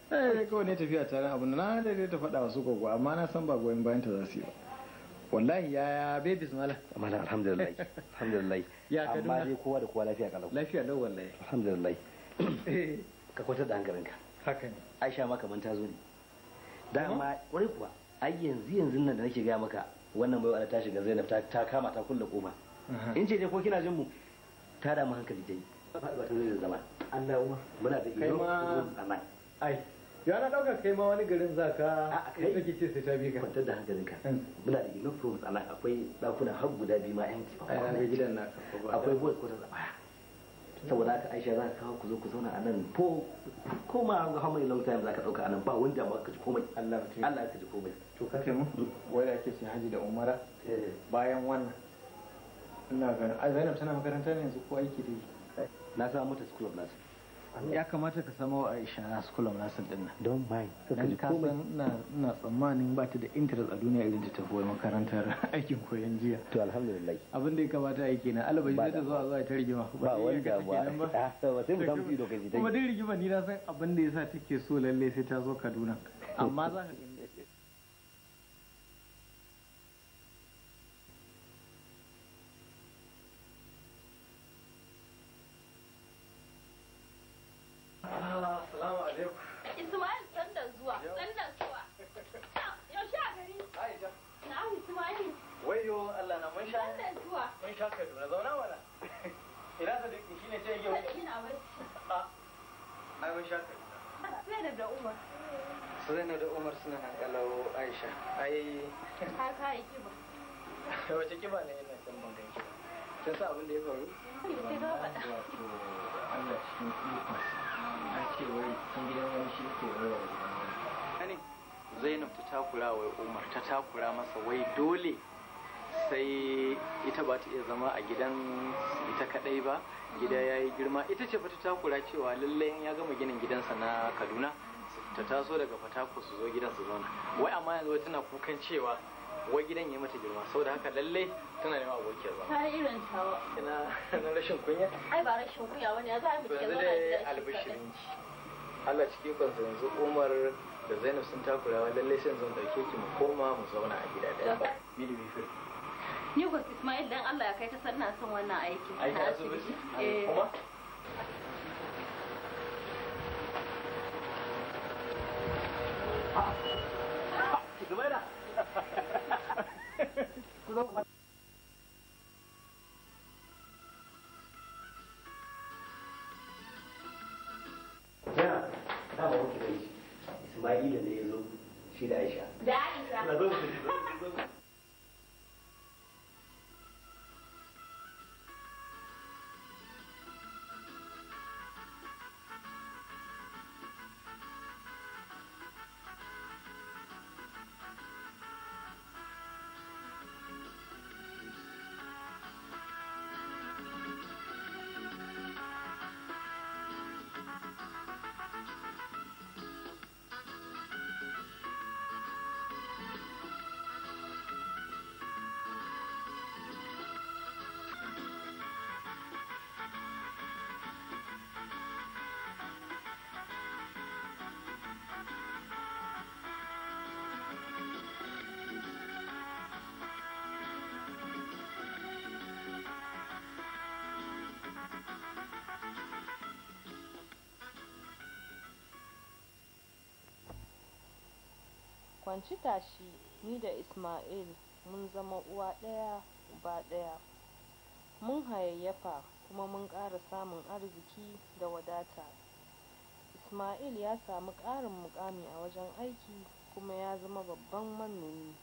eh dai kawai ne tafiya tare abin na da dai ta fada wasu gogo amma na san ba goyon bayan ta za su yi ba wallahi ya be bismillah amma alhamdulillah alhamdulillah ya kaduna amma dai kowa da kowa lafiya kalau lafiya lau wallahi alhamdulillah eh. ka kwata da hankalinka haka ne aisha ma kaman ta zo ne dama kwarai kuwa ai yanzu yanzu nan da nake gaya maka wannan baiwa ta shiga Zainab ta kama ta kulle koma in ce dai ko kina jin mu ta da mu hankali dai faɗuwa ta zai zama Allah umma muna da iyo aman ai ya na dauka kai ma wani garin zaka a kai kake ce sai ta bi ka kwantar da hankalinka hmm. muna da iyo promise aman akwai dakuna har guda biyu ma yanki akwai gidan naka akwai board ko ta baya saboda haka aisha za ka kawo ku zo ku zauna a nan ko ko ma ga many long time za ka ɗauka a nan ba wanda ba ka ji komai Allah ka ji komai to ka kake mu wai ake ce haji da umara eh. bayan wannan ina ganin Zainab tana makaranta ne yanzu ko aiki dai na samu mata school of nursing ya kamata ka samu aisha na school of nursing din nan don bai don ka san ina tsammanin ba ta da interest a duniya irin ta tafi makarantar aikin koyon jiya to alhamdulillah abin da ya kamata aiki na yi zai ta zuwa zuwa ta rigima ba wanda ba ah, ba sai mu samu ido kai kuma dai rigima ni na san abin da sa take so lalle sai ta zo Kaduna amma za ka Ismail sandan zuwa, sandan zuwa. Yaushe a gari? Aisha. Na'am Ismail. Wayo Allah na mun sha. Sandan zuwa. Mun sha Kaduna zauna mana. Ina sadiki shine sai yau. Sadiki na A. Ai mun sha Kaduna. Zainab da Umar. Zainab da Umar suna nan kalau Aisha. Ai. Ka kai kiba. Wace kiba ne ina san ban ganki. Kin sa abin da ya faru? Ki ga faɗa. Allah shi ne. ce wani zainab ta takura wa umar ta takura masa wai dole sai ita ba ta iya zama a gidan ita kadai ba gida ya yi girma ita ce ba ta takura cewa lallai ya gama ginin gidansa na kaduna ta taso daga fatako su zo gidan su zauna wai amma yanzu tana kukan cewa uwar gidan ya mata girma saboda haka lalle tana neman abokiyar ba ta irin tawa Kina na rashin kunya ai ba rashin kunya bane ne za a mutu yanzu da albishirin ki Allah cikin kwansa yanzu Umar da Zainab sun takura wa lalle sai zan dauke ki mu koma mu zauna a gida daya mili bifir ni ko Ismail dan Allah ya kai ta sanna son wannan aikin aikin asibiti eh. kuma Thank zo ya da ismaila ne ya zo da aisha da kwanci tashi ni da ismail mun zama uwa ɗaya uba ɗaya mun hayayyafa kuma mun ƙara samun arziki da wadata ismail ya samu ƙarin mukami a wajen aiki kuma ya zama babban manomi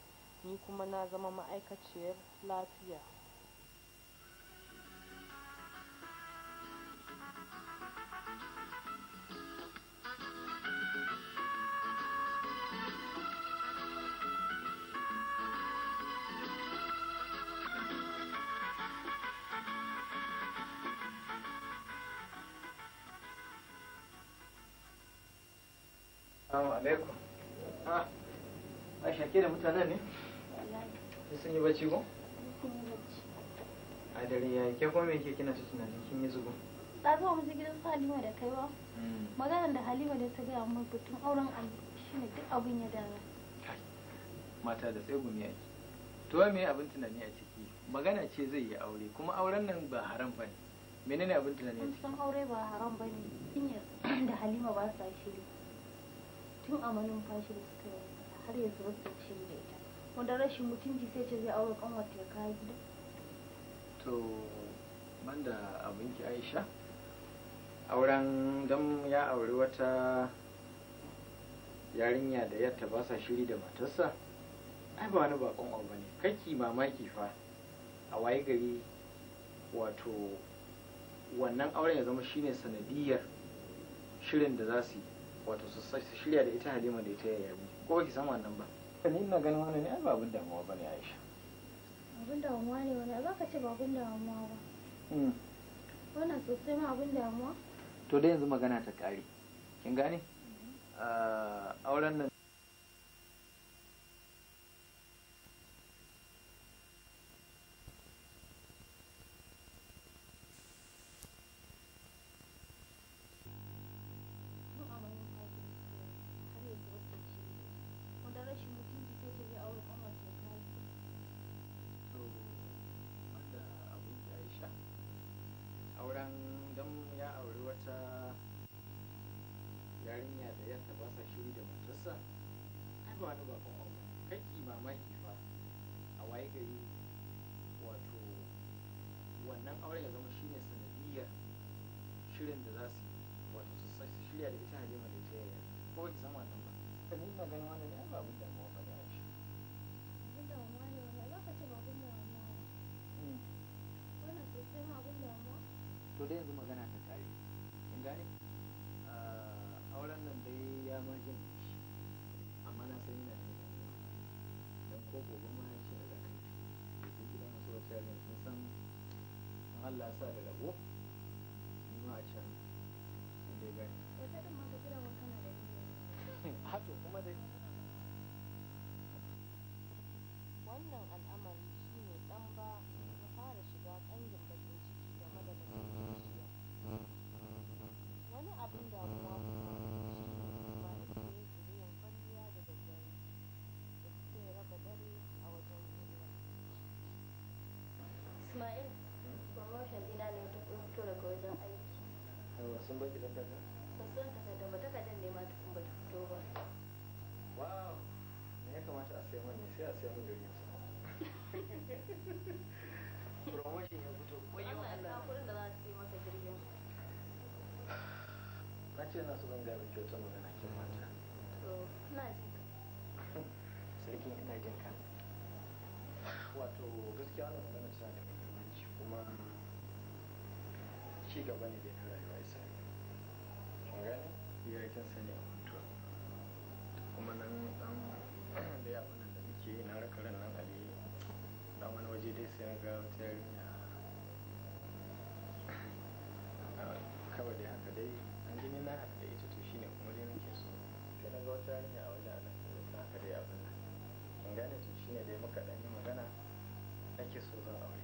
ni kuma na zama ma'aikaciyar lafiya Assalamu alaikum. Ah, Aisha ke da mutanen ne? Wallahi. Sun yi bacci ko? A dare yayi ke kuma me ke kina ta tunanin kin yi zugun? Ba zuwa mu gidan su Halima da kai ba. Hmm. Maganar da Halima da ta gaya mun batun auren Ali shine duk abin ya dara. Mata da sai gumi yake. To me abin tunani a ciki? Magana ce zai yi aure kuma auren nan ba haram ba ne. Menene abin tunani a ciki? Sun aure ba haram ba ne. Sun da Halima ba sa shiri. tun a manumfashi da suka yi har yanzu ba su ce da ita wanda rashin mutunci sai ce zai aure kanwata ya kawo gida to man da abin ki aisha auren dan ya auri wata yarinya da yatta ba sa shiri da matarsa ai ba wani bakon abu ne kaki mamaki fa a waye gari wato wannan auren ya zama shine sanadiyar shirin da za su yi wato su shirya da ita halima da ita yayi ko ki san wannan ba ni ina ganin wannan ne ai ba abin damuwa ba ne aisha abin damuwa ne wani ba ka ce ba abin damuwa ba hmm. wannan sosai ma abin damuwa to da yanzu magana ta kare kin gane hmm. ah, auren nan yarinya da yadda ba sa shiri da matarsa ai ba wani bakon abu kaki mamaki fa a waye gari wato wannan auren ya zama shine sanadiyar shirin da za su wato su shirya da ita halima da ta yaya ko ki san wannan ba. Ka nuna ganin wannan ne ba abin da gane auren nan dai ya ma jin shi amma na san yana da dan ko gobe ma ya ce daga kan shi gidan masu wata yarin sun san Allah sa da rabo ma a can inda ya gane wata din ma ka kira wa kana da a kuma dai wannan daga wajen aiki yawa sun baki takarda ba sun takarda ba takardar ne ma tukun ba ta fito ba wow me ya kamata a sai mun ne sai a sai mun gari promotion ya fito wayo Allah kuɗin da za su yi maka jirgin na ce na so zan ga miki wata magana kin mata to na ji sarki ina jin ka wato gaskiya wannan magana tana da muhimmanci kuma ci gaba ne da na rayuwa isa kin gane iyakin sani a mutuwa kuma nan dan da ya abin da muke yi na rakaran nan ali dan wani waje dai sai na ga wata yarinya kawai dai haka dai an gini na haɗu da ita to shine kuma dai nake so sai na ga wata yarinya a wajen nan ta haka dai abin nan kin gane to shine dai muka dan yi magana nake so zan aure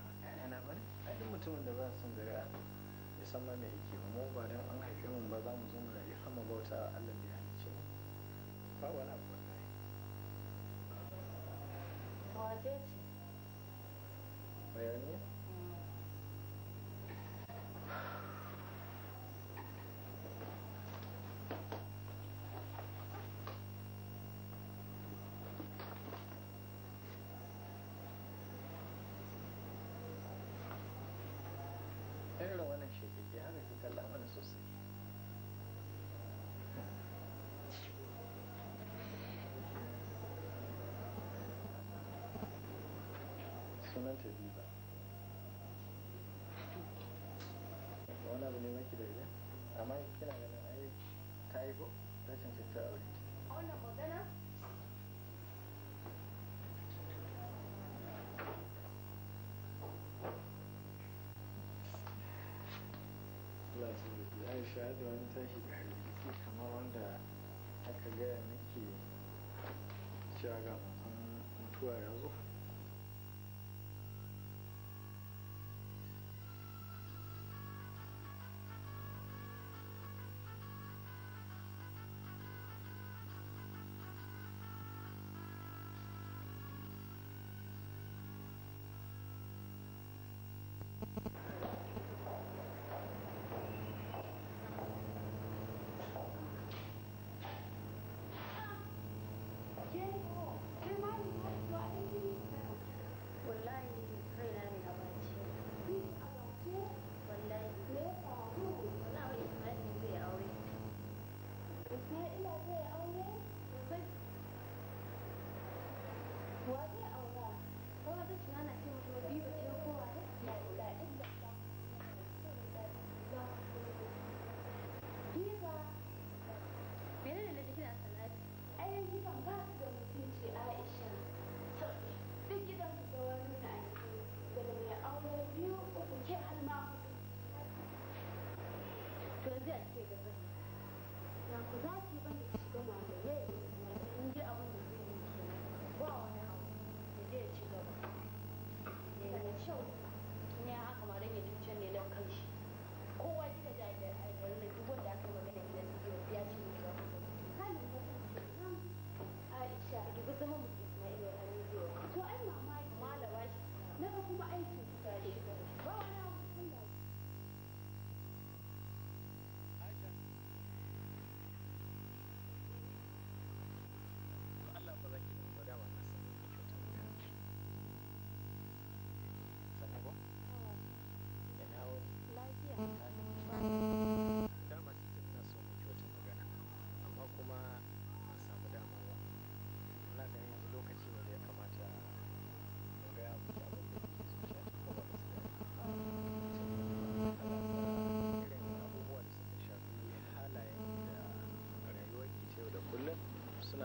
mutumin da ba son zuri'a ya san ma me yake mu ba dan an haife mu ba za mu zo mu rayu har bauta wa Allah da ya halice mu ba wani abu wallahi wace ce bayani ce ki hana kalla mana sosai sunan ta wani abu ne maki da amma kina ganin ai ta yi ko ta cancanta magana sha da wani tashi da hargitsi kamar wanda aka gaya miki cewa ga mutuwa ya zo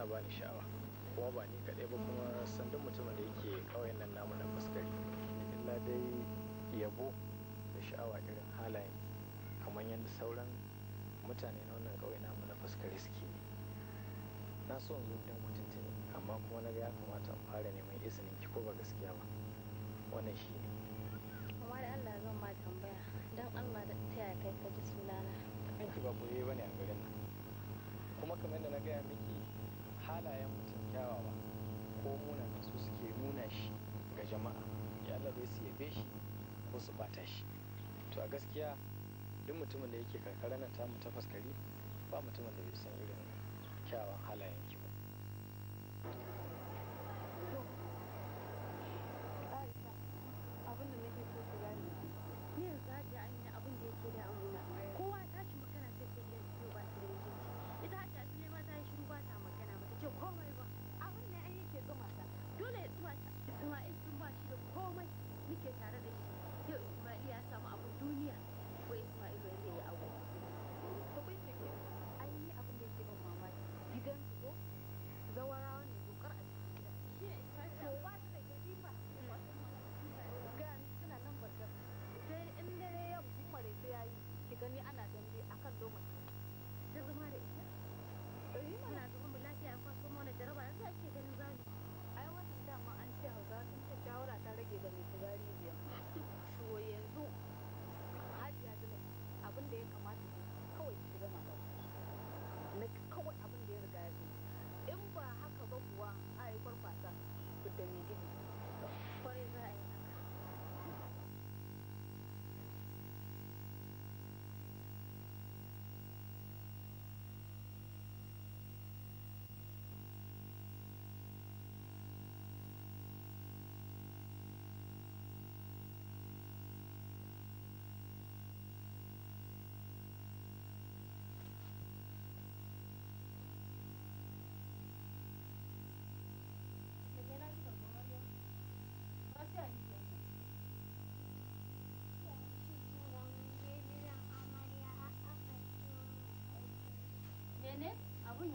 bani sha'awa kuma ba ni kaɗai ba kuma sandan mutumin da yake ƙauyen nan namu na fuskari illa dai yabo da sha'awa irin halayen kamar yadda sauran mutane na wannan ƙauye namu na fuskari suke na so in zo gidan ku tuntuni amma kuma na ga ya kamata in fara neman izinin ki ko ba gaskiya ba wannan shi ne Kuma da Allah zan ma tambaya don Allah da ta yaya kai ka ji sunana. Kanki ba kure ba ne a garin nan. Kuma kamar da na gaya miki halayen mutum kyawawa ko munana su suke nuna shi ga jama'a ya Allah dai su yabe shi ko su bata shi to a gaskiya duk mutumin da yake karkara nan tamu ta fuskari ba mutumin da bai san irin kyawawan halayen ki ba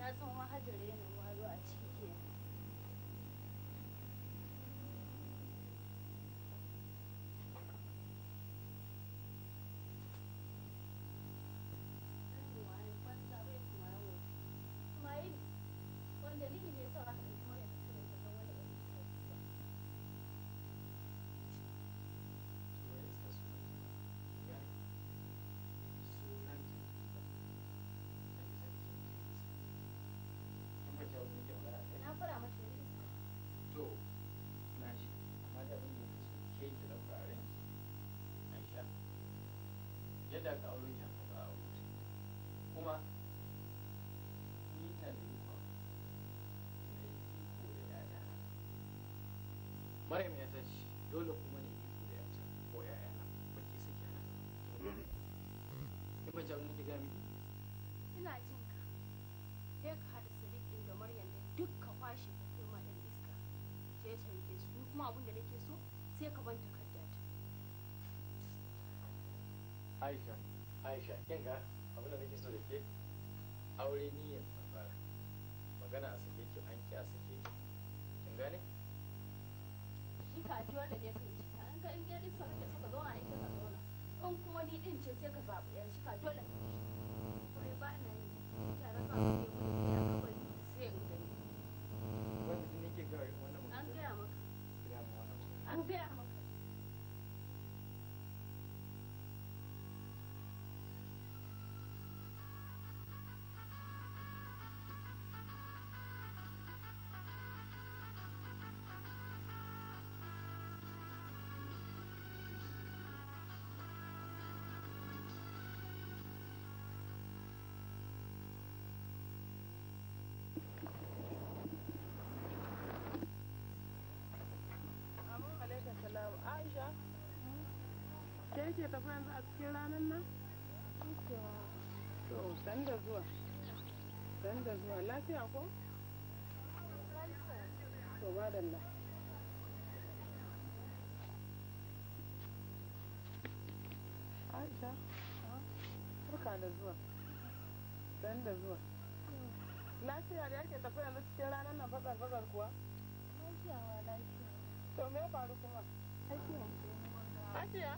那从我喝酒的。da ka aure ki haka ba a wuce kuma ni ta da ikon da iko da yaya Mara ya tashi dole kuma ne iko da yata ko yaya na ba ke saki ana in ba jaru ina jin ka sai ka hada sadiqin da maryam da duk ka kwashe ka kai ma dan iska ya tamke su kuma abin da nake so sai ka banta aisha aisha kin ga abin da nake so da ke aure ni yanzu magana a sake ki an ki a sake ki kin gane shi ka ji wanda ne ka shi ka an ga in ga dinsa kake so ka zauna ne ka zauna in kuma ni din ce sai ka zaɓi yan shi ka dole ka ba na yin tare ba kake tafi yanzu a cikin ranar nan? To, dan da zuwa. Dan da zuwa. Lafiya ko? To, ba da nan. Aisha, barka da zuwa. Dan da zuwa. Lafiya da yake tafi yanzu cikin ranar nan fatsar-fatsar kuwa? Lafiya ma lafiya. To, me ya faru kuma? Lafiya. Lafiya?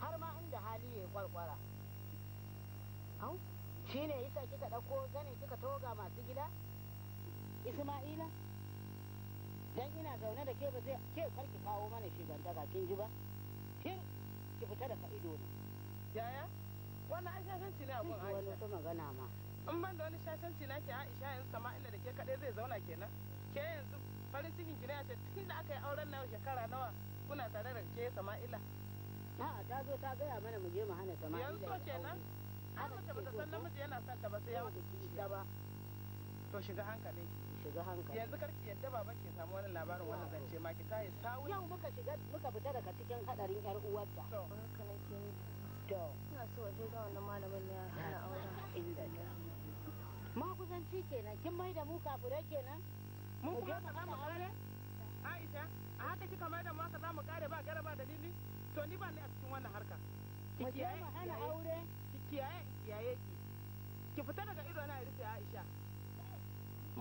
har ma inda hali ya kwarkwara shi ne isa kika ɗauko zane kika toga masu gida isma'ila don ina zaune da ke ba zai ke karki kawo mana shi gantaka kin ji ba shin ki fita daga ido na yaya wannan an shashanci ne abun aisha wani ta magana ma in ban da wani shashanci na ke aisha yanzu sama'ila da ke kaɗai zai zauna kenan ke yanzu farin cikin ki ne a ce tun da aka yi auren na shekara nawa kuna tare da ke sama'ila A'a ta zo ta gaya mana mu je mu hana samari. Yanzu kenan? Ai mace bata san namiji yana son ta ba sai ya ba. To shiga hankali. Shiga hankali. Yanzu karki yadda baban ke samu wani labarin wannan zance ma ki tayi Yau muka shiga muka fita daga cikin hadarin yar To. Haka nake ni. To. Ina so waje ga wannan malamin ne hana auren. Inda da. Maguzanci kenan kin mai da mu kafure kenan. Mun kuma ba mu aure? Aisha, a haka kika mai da mu haka za mu kare ba gara ba dalili? to ni ba ni a cikin wannan harka ki kiyaye ana aure ki kiyaye kiyaye ki ki fita daga ido na rufe Aisha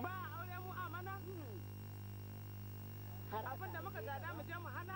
ba aure mu amana hmm. abin da muka gada mu je mu hana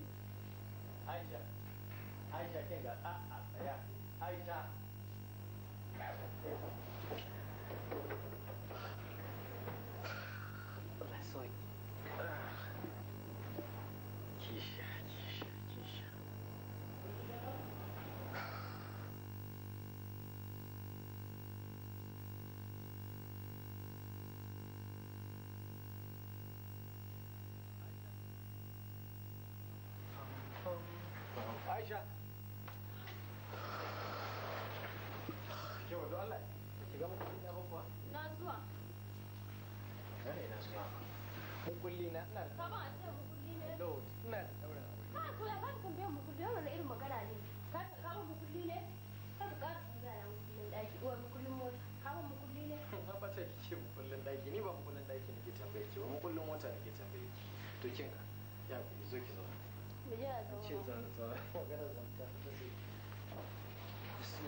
mukulli na da ka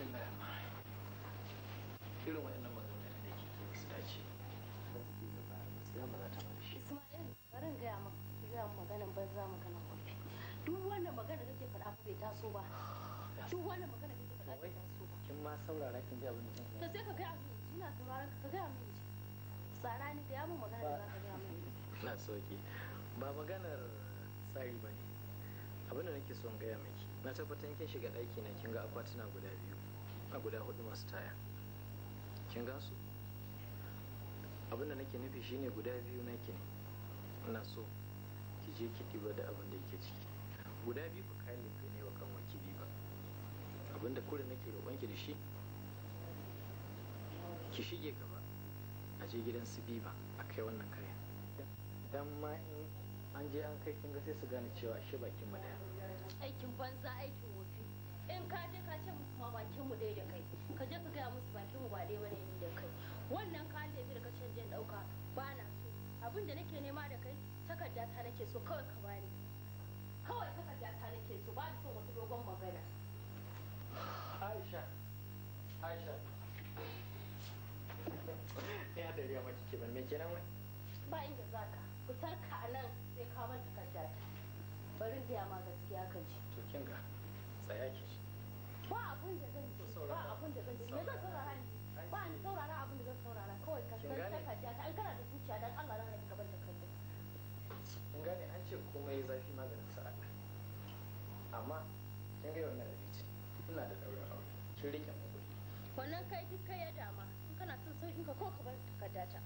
a da taso ba duk wani magana da ta faɗa taso ba kin ma saurara kin ji abin da ta sai ka ga abin ina sauraron ka ga min ji tsara ni ga yamin magana da za ka ga Ina so soke ba maganar tsari ba ne abin da nake son gaya miki na tabbatar kin shiga ɗaki na kin ga akwatuna guda biyu a guda hudu masu taya kin ga su abin da nake nufi shine guda biyu naki ne ina so ki je ki diba da abin da yake ciki guda biyu ku kale abinda kurin nake ki da shi ki shige gaba a je gidan su biba a kai wannan kayan dan ma in an je an kai ga sai su gane cewa ashe bakin mu daya aikin banza aikin wofi in ka je ka ce musu ma bakin mu daya da kai ka je ka gaya musu bakin mu ba dai bane ni da kai wannan kayan da ka canje dauka ba na so abinda da nake nema da kai takarda ta nake so kawai ka bani kawai ka aisha aisha ya da riya mace ke ban me kenan wai ba inda zaka fitar ka a nan sai ka manta takarda bari biya ma gaskiya ka ji to kin ga tsaya ki ba abun da zan ji ba da zan ji me zan saurara ni ba ni saurara da zan saurara kawai ka san takarda ta an kana da zuciya dan Allah ka kin gane an ce komai zafi maganin sa'a amma kin ga wannan kin rike makulli wannan kai duk kai ya dama in kana son saukin ka ko ka bar takarda ta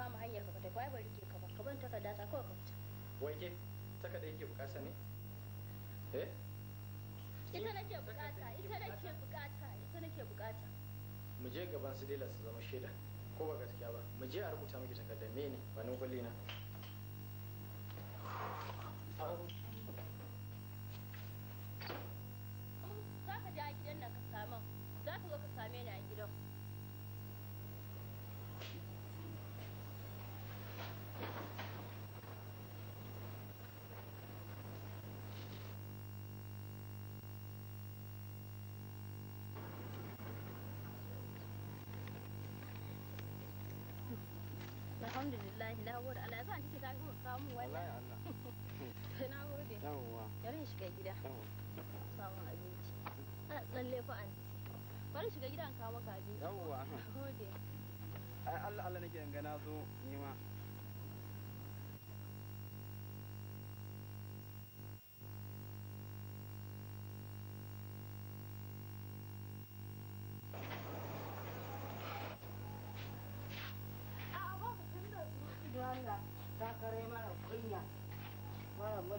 kama hanyar ka ta bai rike ka ba ka bar takarda ta kawai ka fita wai ke takarda yake bukata ne eh ita nake bukata ita nake bukata ita nake bukata mu je gaban su dela su zama shaida ko ba gaskiya ba mu je a rubuta miki takardar me ne ba nan kulli na na gode Allah zan ta kawo mu wannan wallahi na gode yawwa shiga gida samun abinci a ah, tsalle ko an bari shiga kawo maka abinci yawwa gode ai Allah Allah nake in ga na zo ni ma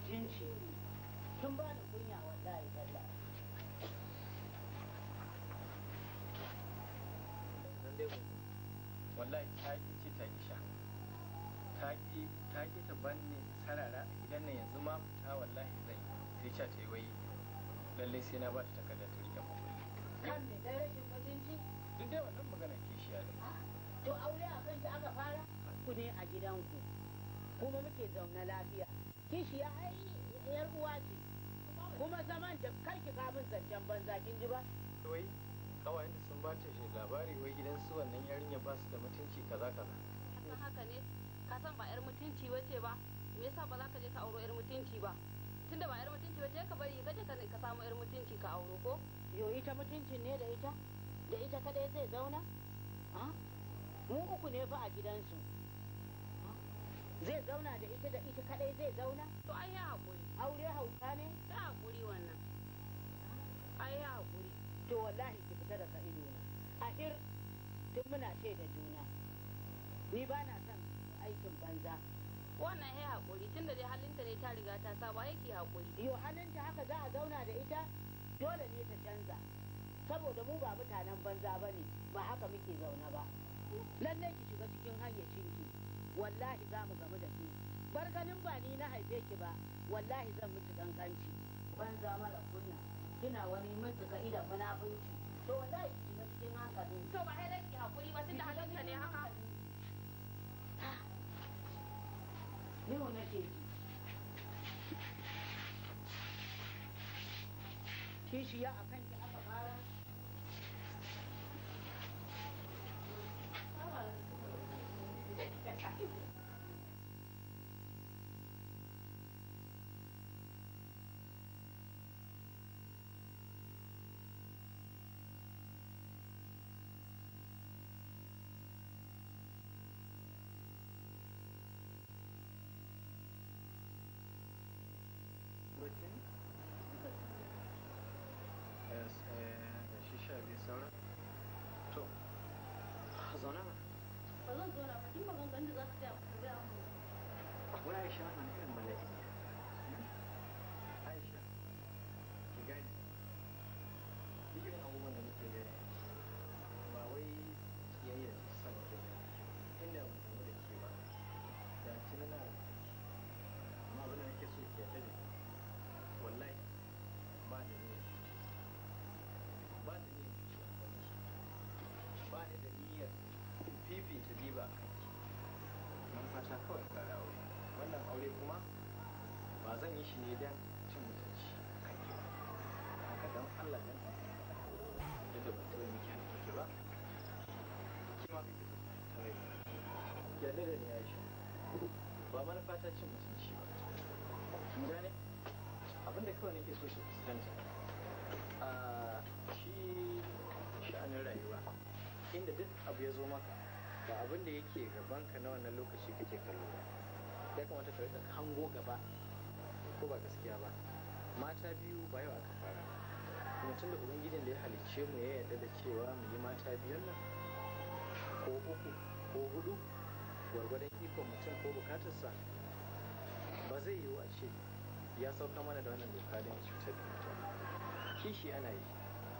jinci kin ba da kunya wallahi sallah wallahi ta ki ce ta ki sha ta ki ta ki banne sarara a gidan nan yanzu ma ta wallahi zai sai cha ta yi wai lalle sai na ba ta takarda ta rike mu kan me da rashin mutunci duk dai wannan magana ke shi ya to aure a kan ta aka fara ku ne a gidan ku kuma muke zaune lafiya kishiya ai yar uwa ce kuma zaman da karki kamun zancen banza kin ji ba wai kawayen da sun bace shi labari wai gidan su wannan yarinya ba su da mutunci kaza kaza san haka ne ka san ba yar mutunci wace ba me yasa ba za ka je ka auro yar mutunci ba tunda ba yar mutunci wace ka bari ka je ka samu yar mutunci ka auro ko yo ita mutuncin ne da ita da ita kadai zai zauna ah? mu uku ne fa a gidansu zai zauna da ita da ita kadai zai zauna to ai ya hakuri aure hauka ne ta hakuri wannan ai ya hakuri to wallahi ki fita daga ido na a ir tun muna da juna ni ba na son aikin banza wannan ya hakuri tunda dai halinta ne ta riga ta saba yake hakuri yo halinta haka za a zauna da ita dole ne ta canza saboda mu ba mutanen banza bane ba haka muke zauna ba lallai ki shiga cikin ki wallahi za mu gamu da su bar ganin ba ni na haife ki ba wallahi zan mutu kankanci banza mara kunna kina wani mutuka idan munafunci to wallahi ki ga cikin ne to ba sai ki hakuri ba tunda halinka ne haka yau nake kishiya akan aisha wannan irin bala'i hmm? aisha ki gani irin abubuwan da muke gani ba wai kiyayya ce sama da gani inda da ke ba da tuni na amma abin da nake so ki yadda da wallahi ba da ne ba da ne ba da niyyar fifita riba kan fata kawai ka wannan aure kuma ba zan yi shi ne don cin mutunci a yi ba haka don allah don yadda ba tuwa miki hannu ke ba ke ma kake tare ba yadda da ni ya shi ba manufa ta cin mutunci ba kin gane abinda kawai nake so shi fuskanta a shi sha'anin rayuwa inda duk abu ya zo maka ba abin da yake gabanka na wannan lokaci kake kallo ba ya kamata ka rika hango gaba ko ba gaskiya ba mata biyu ba yau aka fara kuma tunda da ubangijin da ya halicce mu ya yarda da cewa mu yi mata biyun nan ko uku ko hudu gwargwadon ikon mutum ko bukatarsa ba zai yiwu a ce ya sauka mana da wannan doka don cutar da mutum kishi ana yi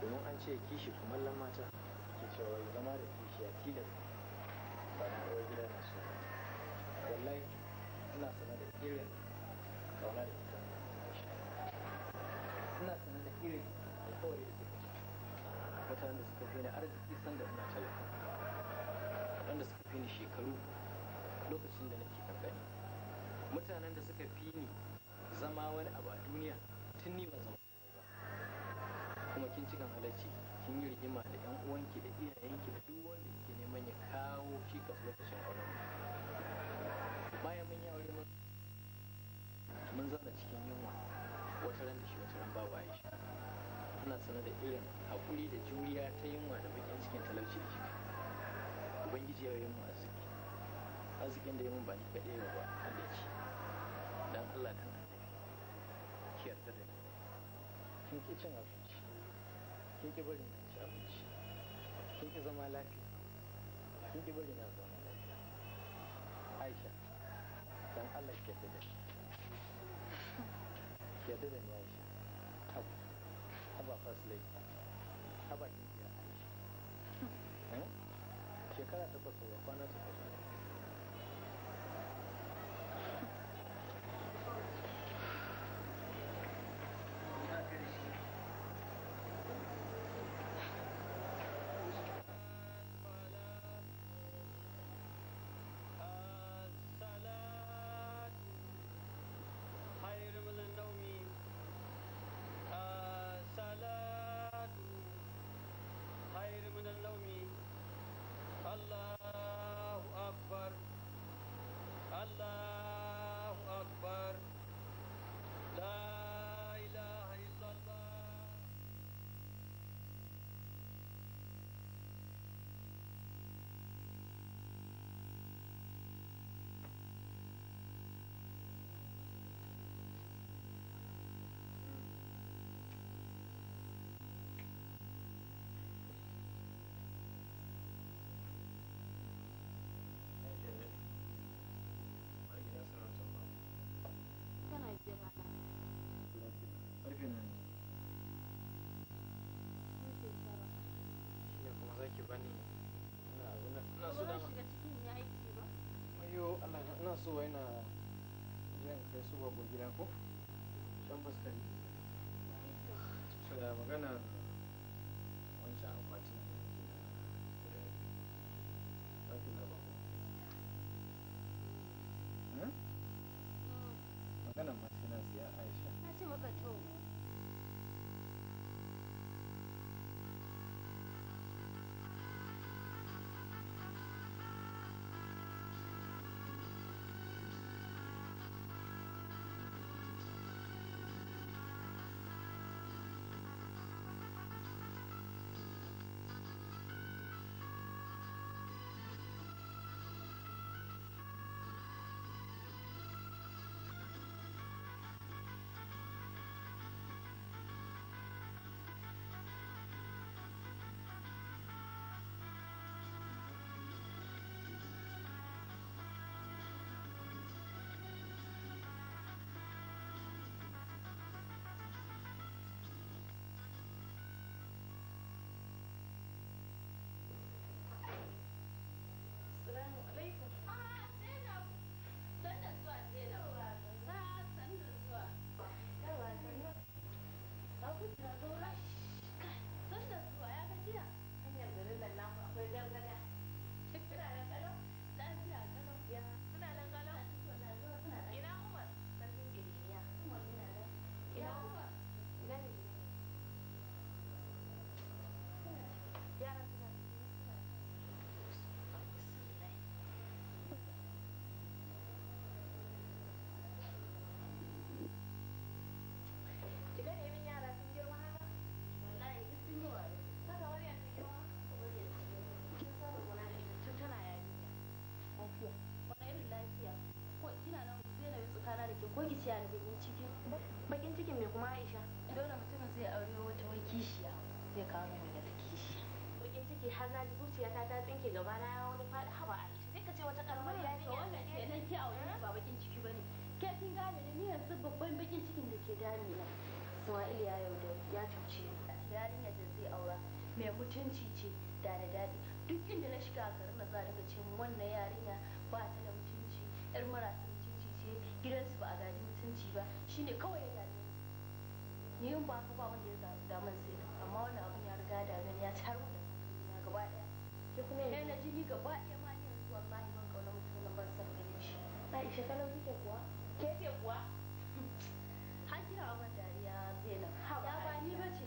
domin an ce kishi kumallon mata ke cewa zama da kishi a tilas ba na gida na su wallahi ina sanar da irin kauna da ita ina da suka ci mutanen da suka fi ni arziki sanda ina talaka da suka fi ni shekaru lokacin da nake kankani mutanen da suka fi ni zama wani abu a duniya tun ni ban zama ba kuma kin cikin halarci kin yi rigima da 'yan uwanki da iyayenki da duk wanda ke neman ya kawo cikas lokacin auren mu bayan mun yi aure mun zauna cikin yunwa wata ran da shi wata ran babu aisha Ina sanar da irin haƙuri da juriya ta yunwa da bakin cikin talauci da shi ubangiji ya yi mu arziki arzikin da ya mun ba ni kaɗai ba ba Allah ci. dan Allah dan annabi ki yarda da ni kin ki cin abinci kin ki bari na ci abinci kin ki zama lafiya kin ki bari na zama lafiya Aisha dan Allah ke da ni ke da ni haba haba haba ki ya Aisha eh? shekara takwas ko kwana ko shan fuskari. Suna magana ¡Gracias! kishiya da bakin ciki bakin cikin mai kuma aisha dole mutumin zai aure wata wai kishiya zai kawo mai daga kishiya bakin ciki har na ji zuciyata ta tsinke gaba na ya wani faɗi haba aisha sai ka ce wata karamar yarinya wannan kenan ki aure ba bakin ciki bane ke kin gane da ni yanzu babban bakin cikin da ke damina Isma'il ya yaudar ya cuce ni yarinya da zai aura mai mutunci ce da da daɗi duk inda na shiga a garin na za a dinga ce wannan yarinya gidansu ba a gaji mutunci ba shine kawai ya dame ni yin ba ka ba wanda ya damar sai amma wani abun ya riga da gani ya taro da na gaba daya ke kuma yana na jini gaba daya ma ni yanzu wallahi ban kauna mutum nan ban san ganin shi Aisha kana kike kuwa ke ke kuwa har kira abin dariya zai nan ya ba ni bace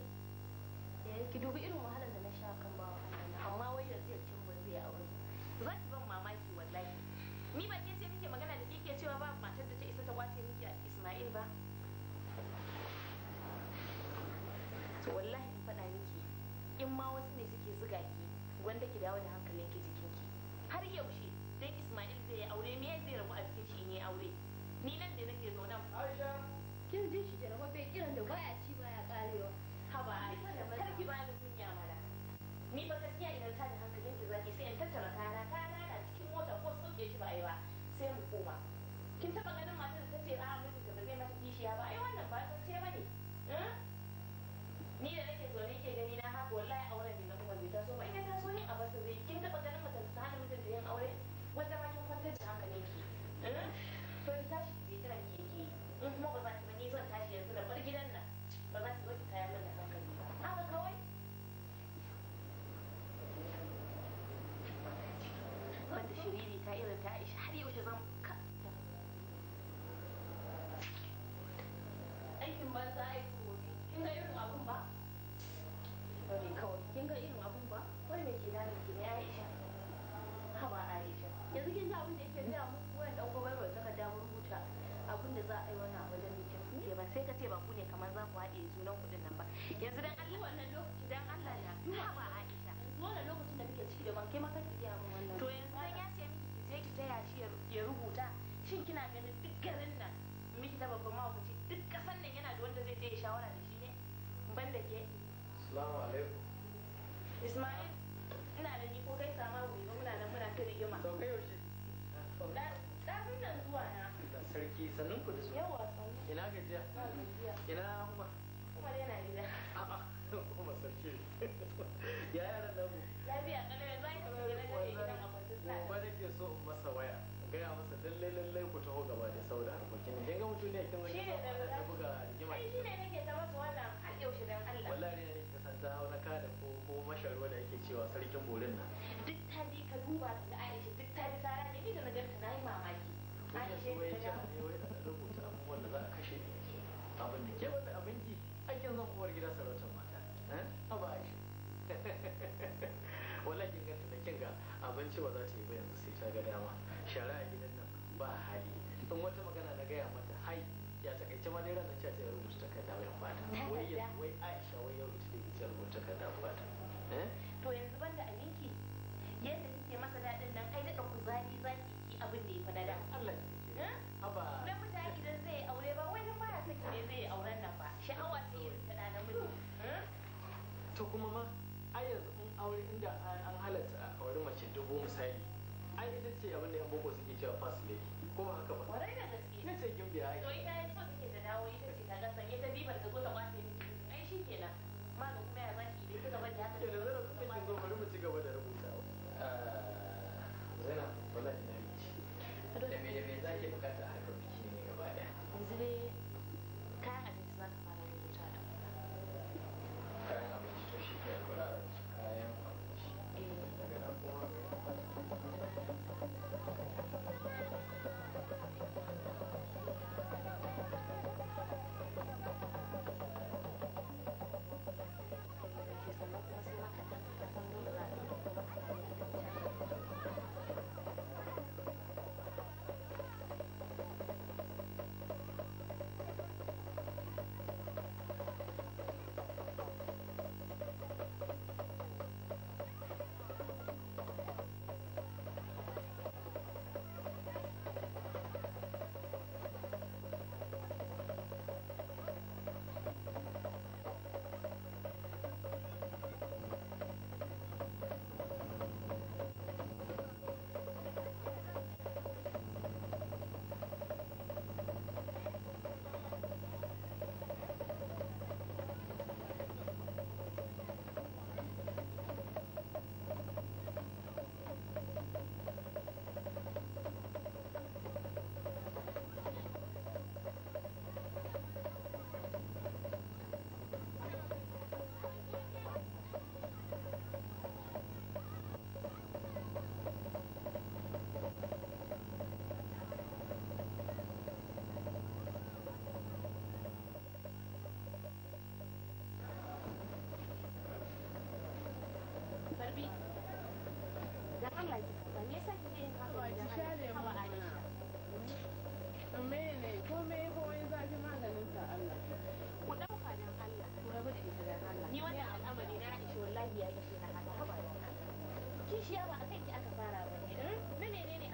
eh ki dubi irin wahalar da na sha kan bawa to wallahi in faɗa miki in ma wasu ne suke zuga ki gwanda ki dawo da hankalin ki jikin ki har yaushe dan Ismail zai aure me zai ba ku ne kamar za ku haɗe junan kuɗin nan ba yanzu dan Allah wannan lokaci dan Allah ya duba ba Aisha wannan lokacin da kike ciki da ban kai maka ki gaya min wannan to yanzu dan ya ce miki ki je ki taya shi ya rubuta shin kina ganin duk garin nan miki da babban mahaukaci duk kasan nan yana da wanda zai je shawara da shi ne ban da ke assalamu alaikum Ismail da su ya ce ne wai a rubuta abubuwan da za a kashe abin da ke wanda abin ki aikin zan uwar gida sarautar mata a ba shi wala kin ganta da kin ga abinci ba za ta yi ba yanzu sai ta ga dama shara a gidan nan ba hali in wata magana na gaya mata hai ya takaice ma dai ranar cewa ta rubuta takarda wai bata wai yanzu wai Aisha wai yau ita take ta rubuta takarda bata to yanzu banda abinki yadda kike masa dadin nan ai da kuzari zaki abin da ya fi na da. Na eh? mutane idan zai aure ba wai ba ya son ne zai auren nan ba. Sha'awa ta yi tana namiji. Eh? To kuma ma ai yanzu in aure inda an halatta a aure mace dubu misali. Ai ita ce abin da 'yan boko suke cewa fast lady ko ba haka ba. Allah ki karba me yasa wani zafi maganin Allah ku Allah ku Allah ni al'amari na wallahi ya na kishiya ba a aka fara ba ne kai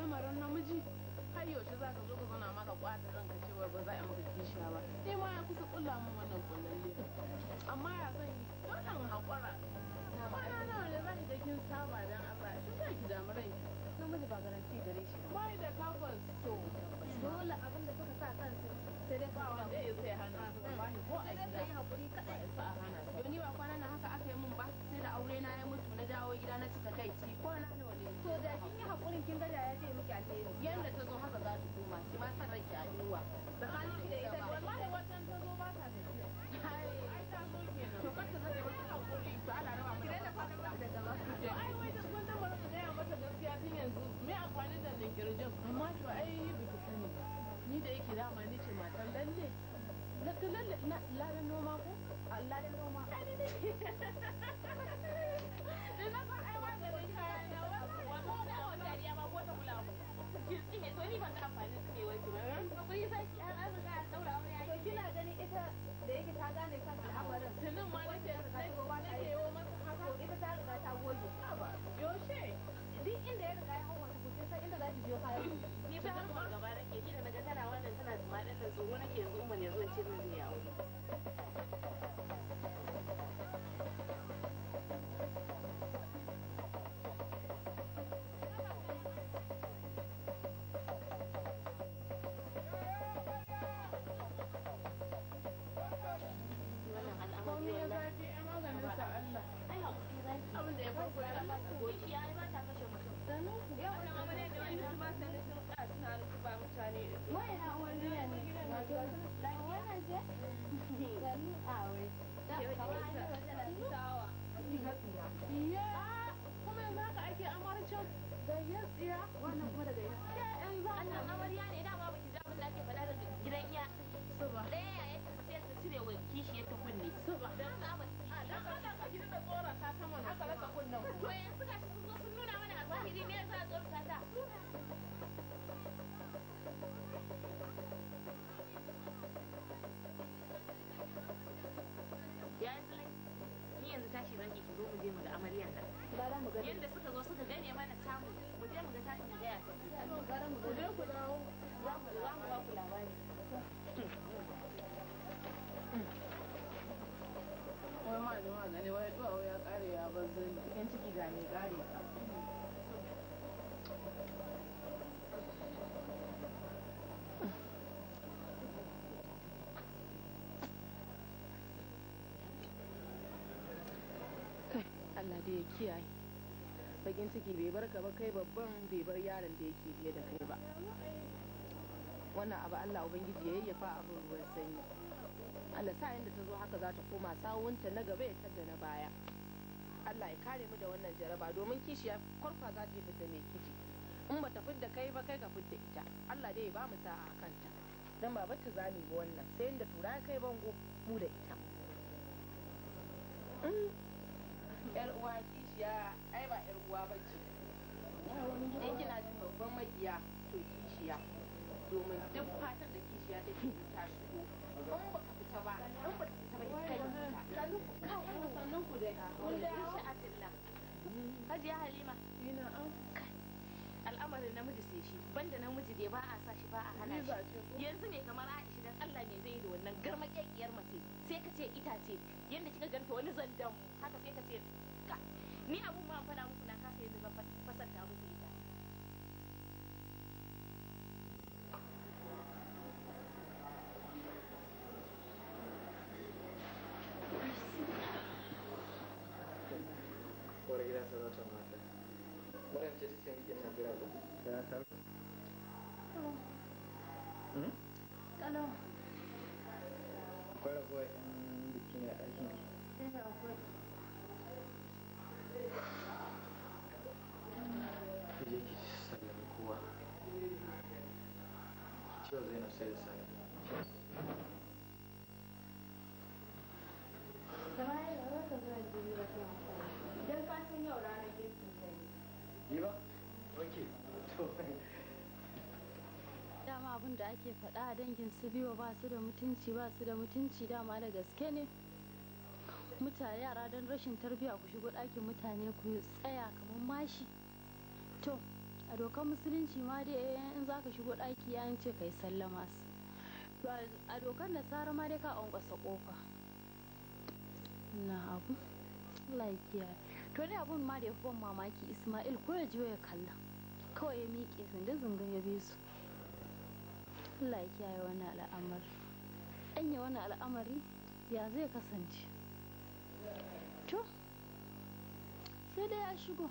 lamarin namiji har za ka zo ka zauna maka kwata ranka ba za a maka kishiya ba sai ma ya kusa kulla mun wannan kullalle amma ya tell by them la la la rage ki zo mu je mu ga suka zo suka gane mana tamu mu je mu ga ya ta ku dawo za mu za mu ba ku labari wai ma da ma gani wai ya kare ya bazzan in ciki ga mai kare kiyaye bakin ciki bai bar ka ba kai babban bai bar yaron da yake biye da kai ba wannan abu Allah ubangiji ya yayyafa abin ruwan sanyi Allah sa yanda ta zo haka za ta koma sawunta na gaba ya da na baya Allah ya kare mu da wannan jaraba domin kishiya kwarfa za ta yi fita mai kiji in ba ta fidda kai ba kai ka fidda ita Allah dai ya ba mu sa'a kanta dan ba ta zame ba wannan sai inda tura kai bango mu da ita mm. yar uwa kishiya ai ba yar uwa ba ce in kina jin babban makiya to kishiya domin duk fatan da kishiya ta ke ta shigo in ba ka fita ba in ba ka fita ba ita kai ba fita sannan ku dai kun da shi a tilla hajiya halima ina an al'amarin namiji sai shi banda namiji dai ba a sa shi ba a hana shi yanzu mai kamar Aisha dan Allah ne zai da wannan garmakekiyar mace sai ka ce itace yanda kika ganta wani zandan haka sai ka ce ni abun ba faɗa muku na kasa yadda zan fasarta muku ita gida Ya Kalau. Idan Dama abin da ake faɗa a dangin su biyu ba su da mutunci ba su da mutunci dama da gaske ne. Mutane yara don rashin tarbiyya ku shigo ɗakin mutane ku tsaya kamar mashi. To, a dokar musulunci ma dai in za ka shigo ɗaki ya ce ka sallama su a dokar nasara ma dai ka ƙwanƙwasa ƙofa na abu kiyaye. to dai abun ma da ya fi ban mamaki ismail ko ya ji ya kalla kawai ya miƙe zunga-zunga ya bi su Allah ya wani al'amari ɗanya wannan al'amari ya zai kasance to sai dai ya shigo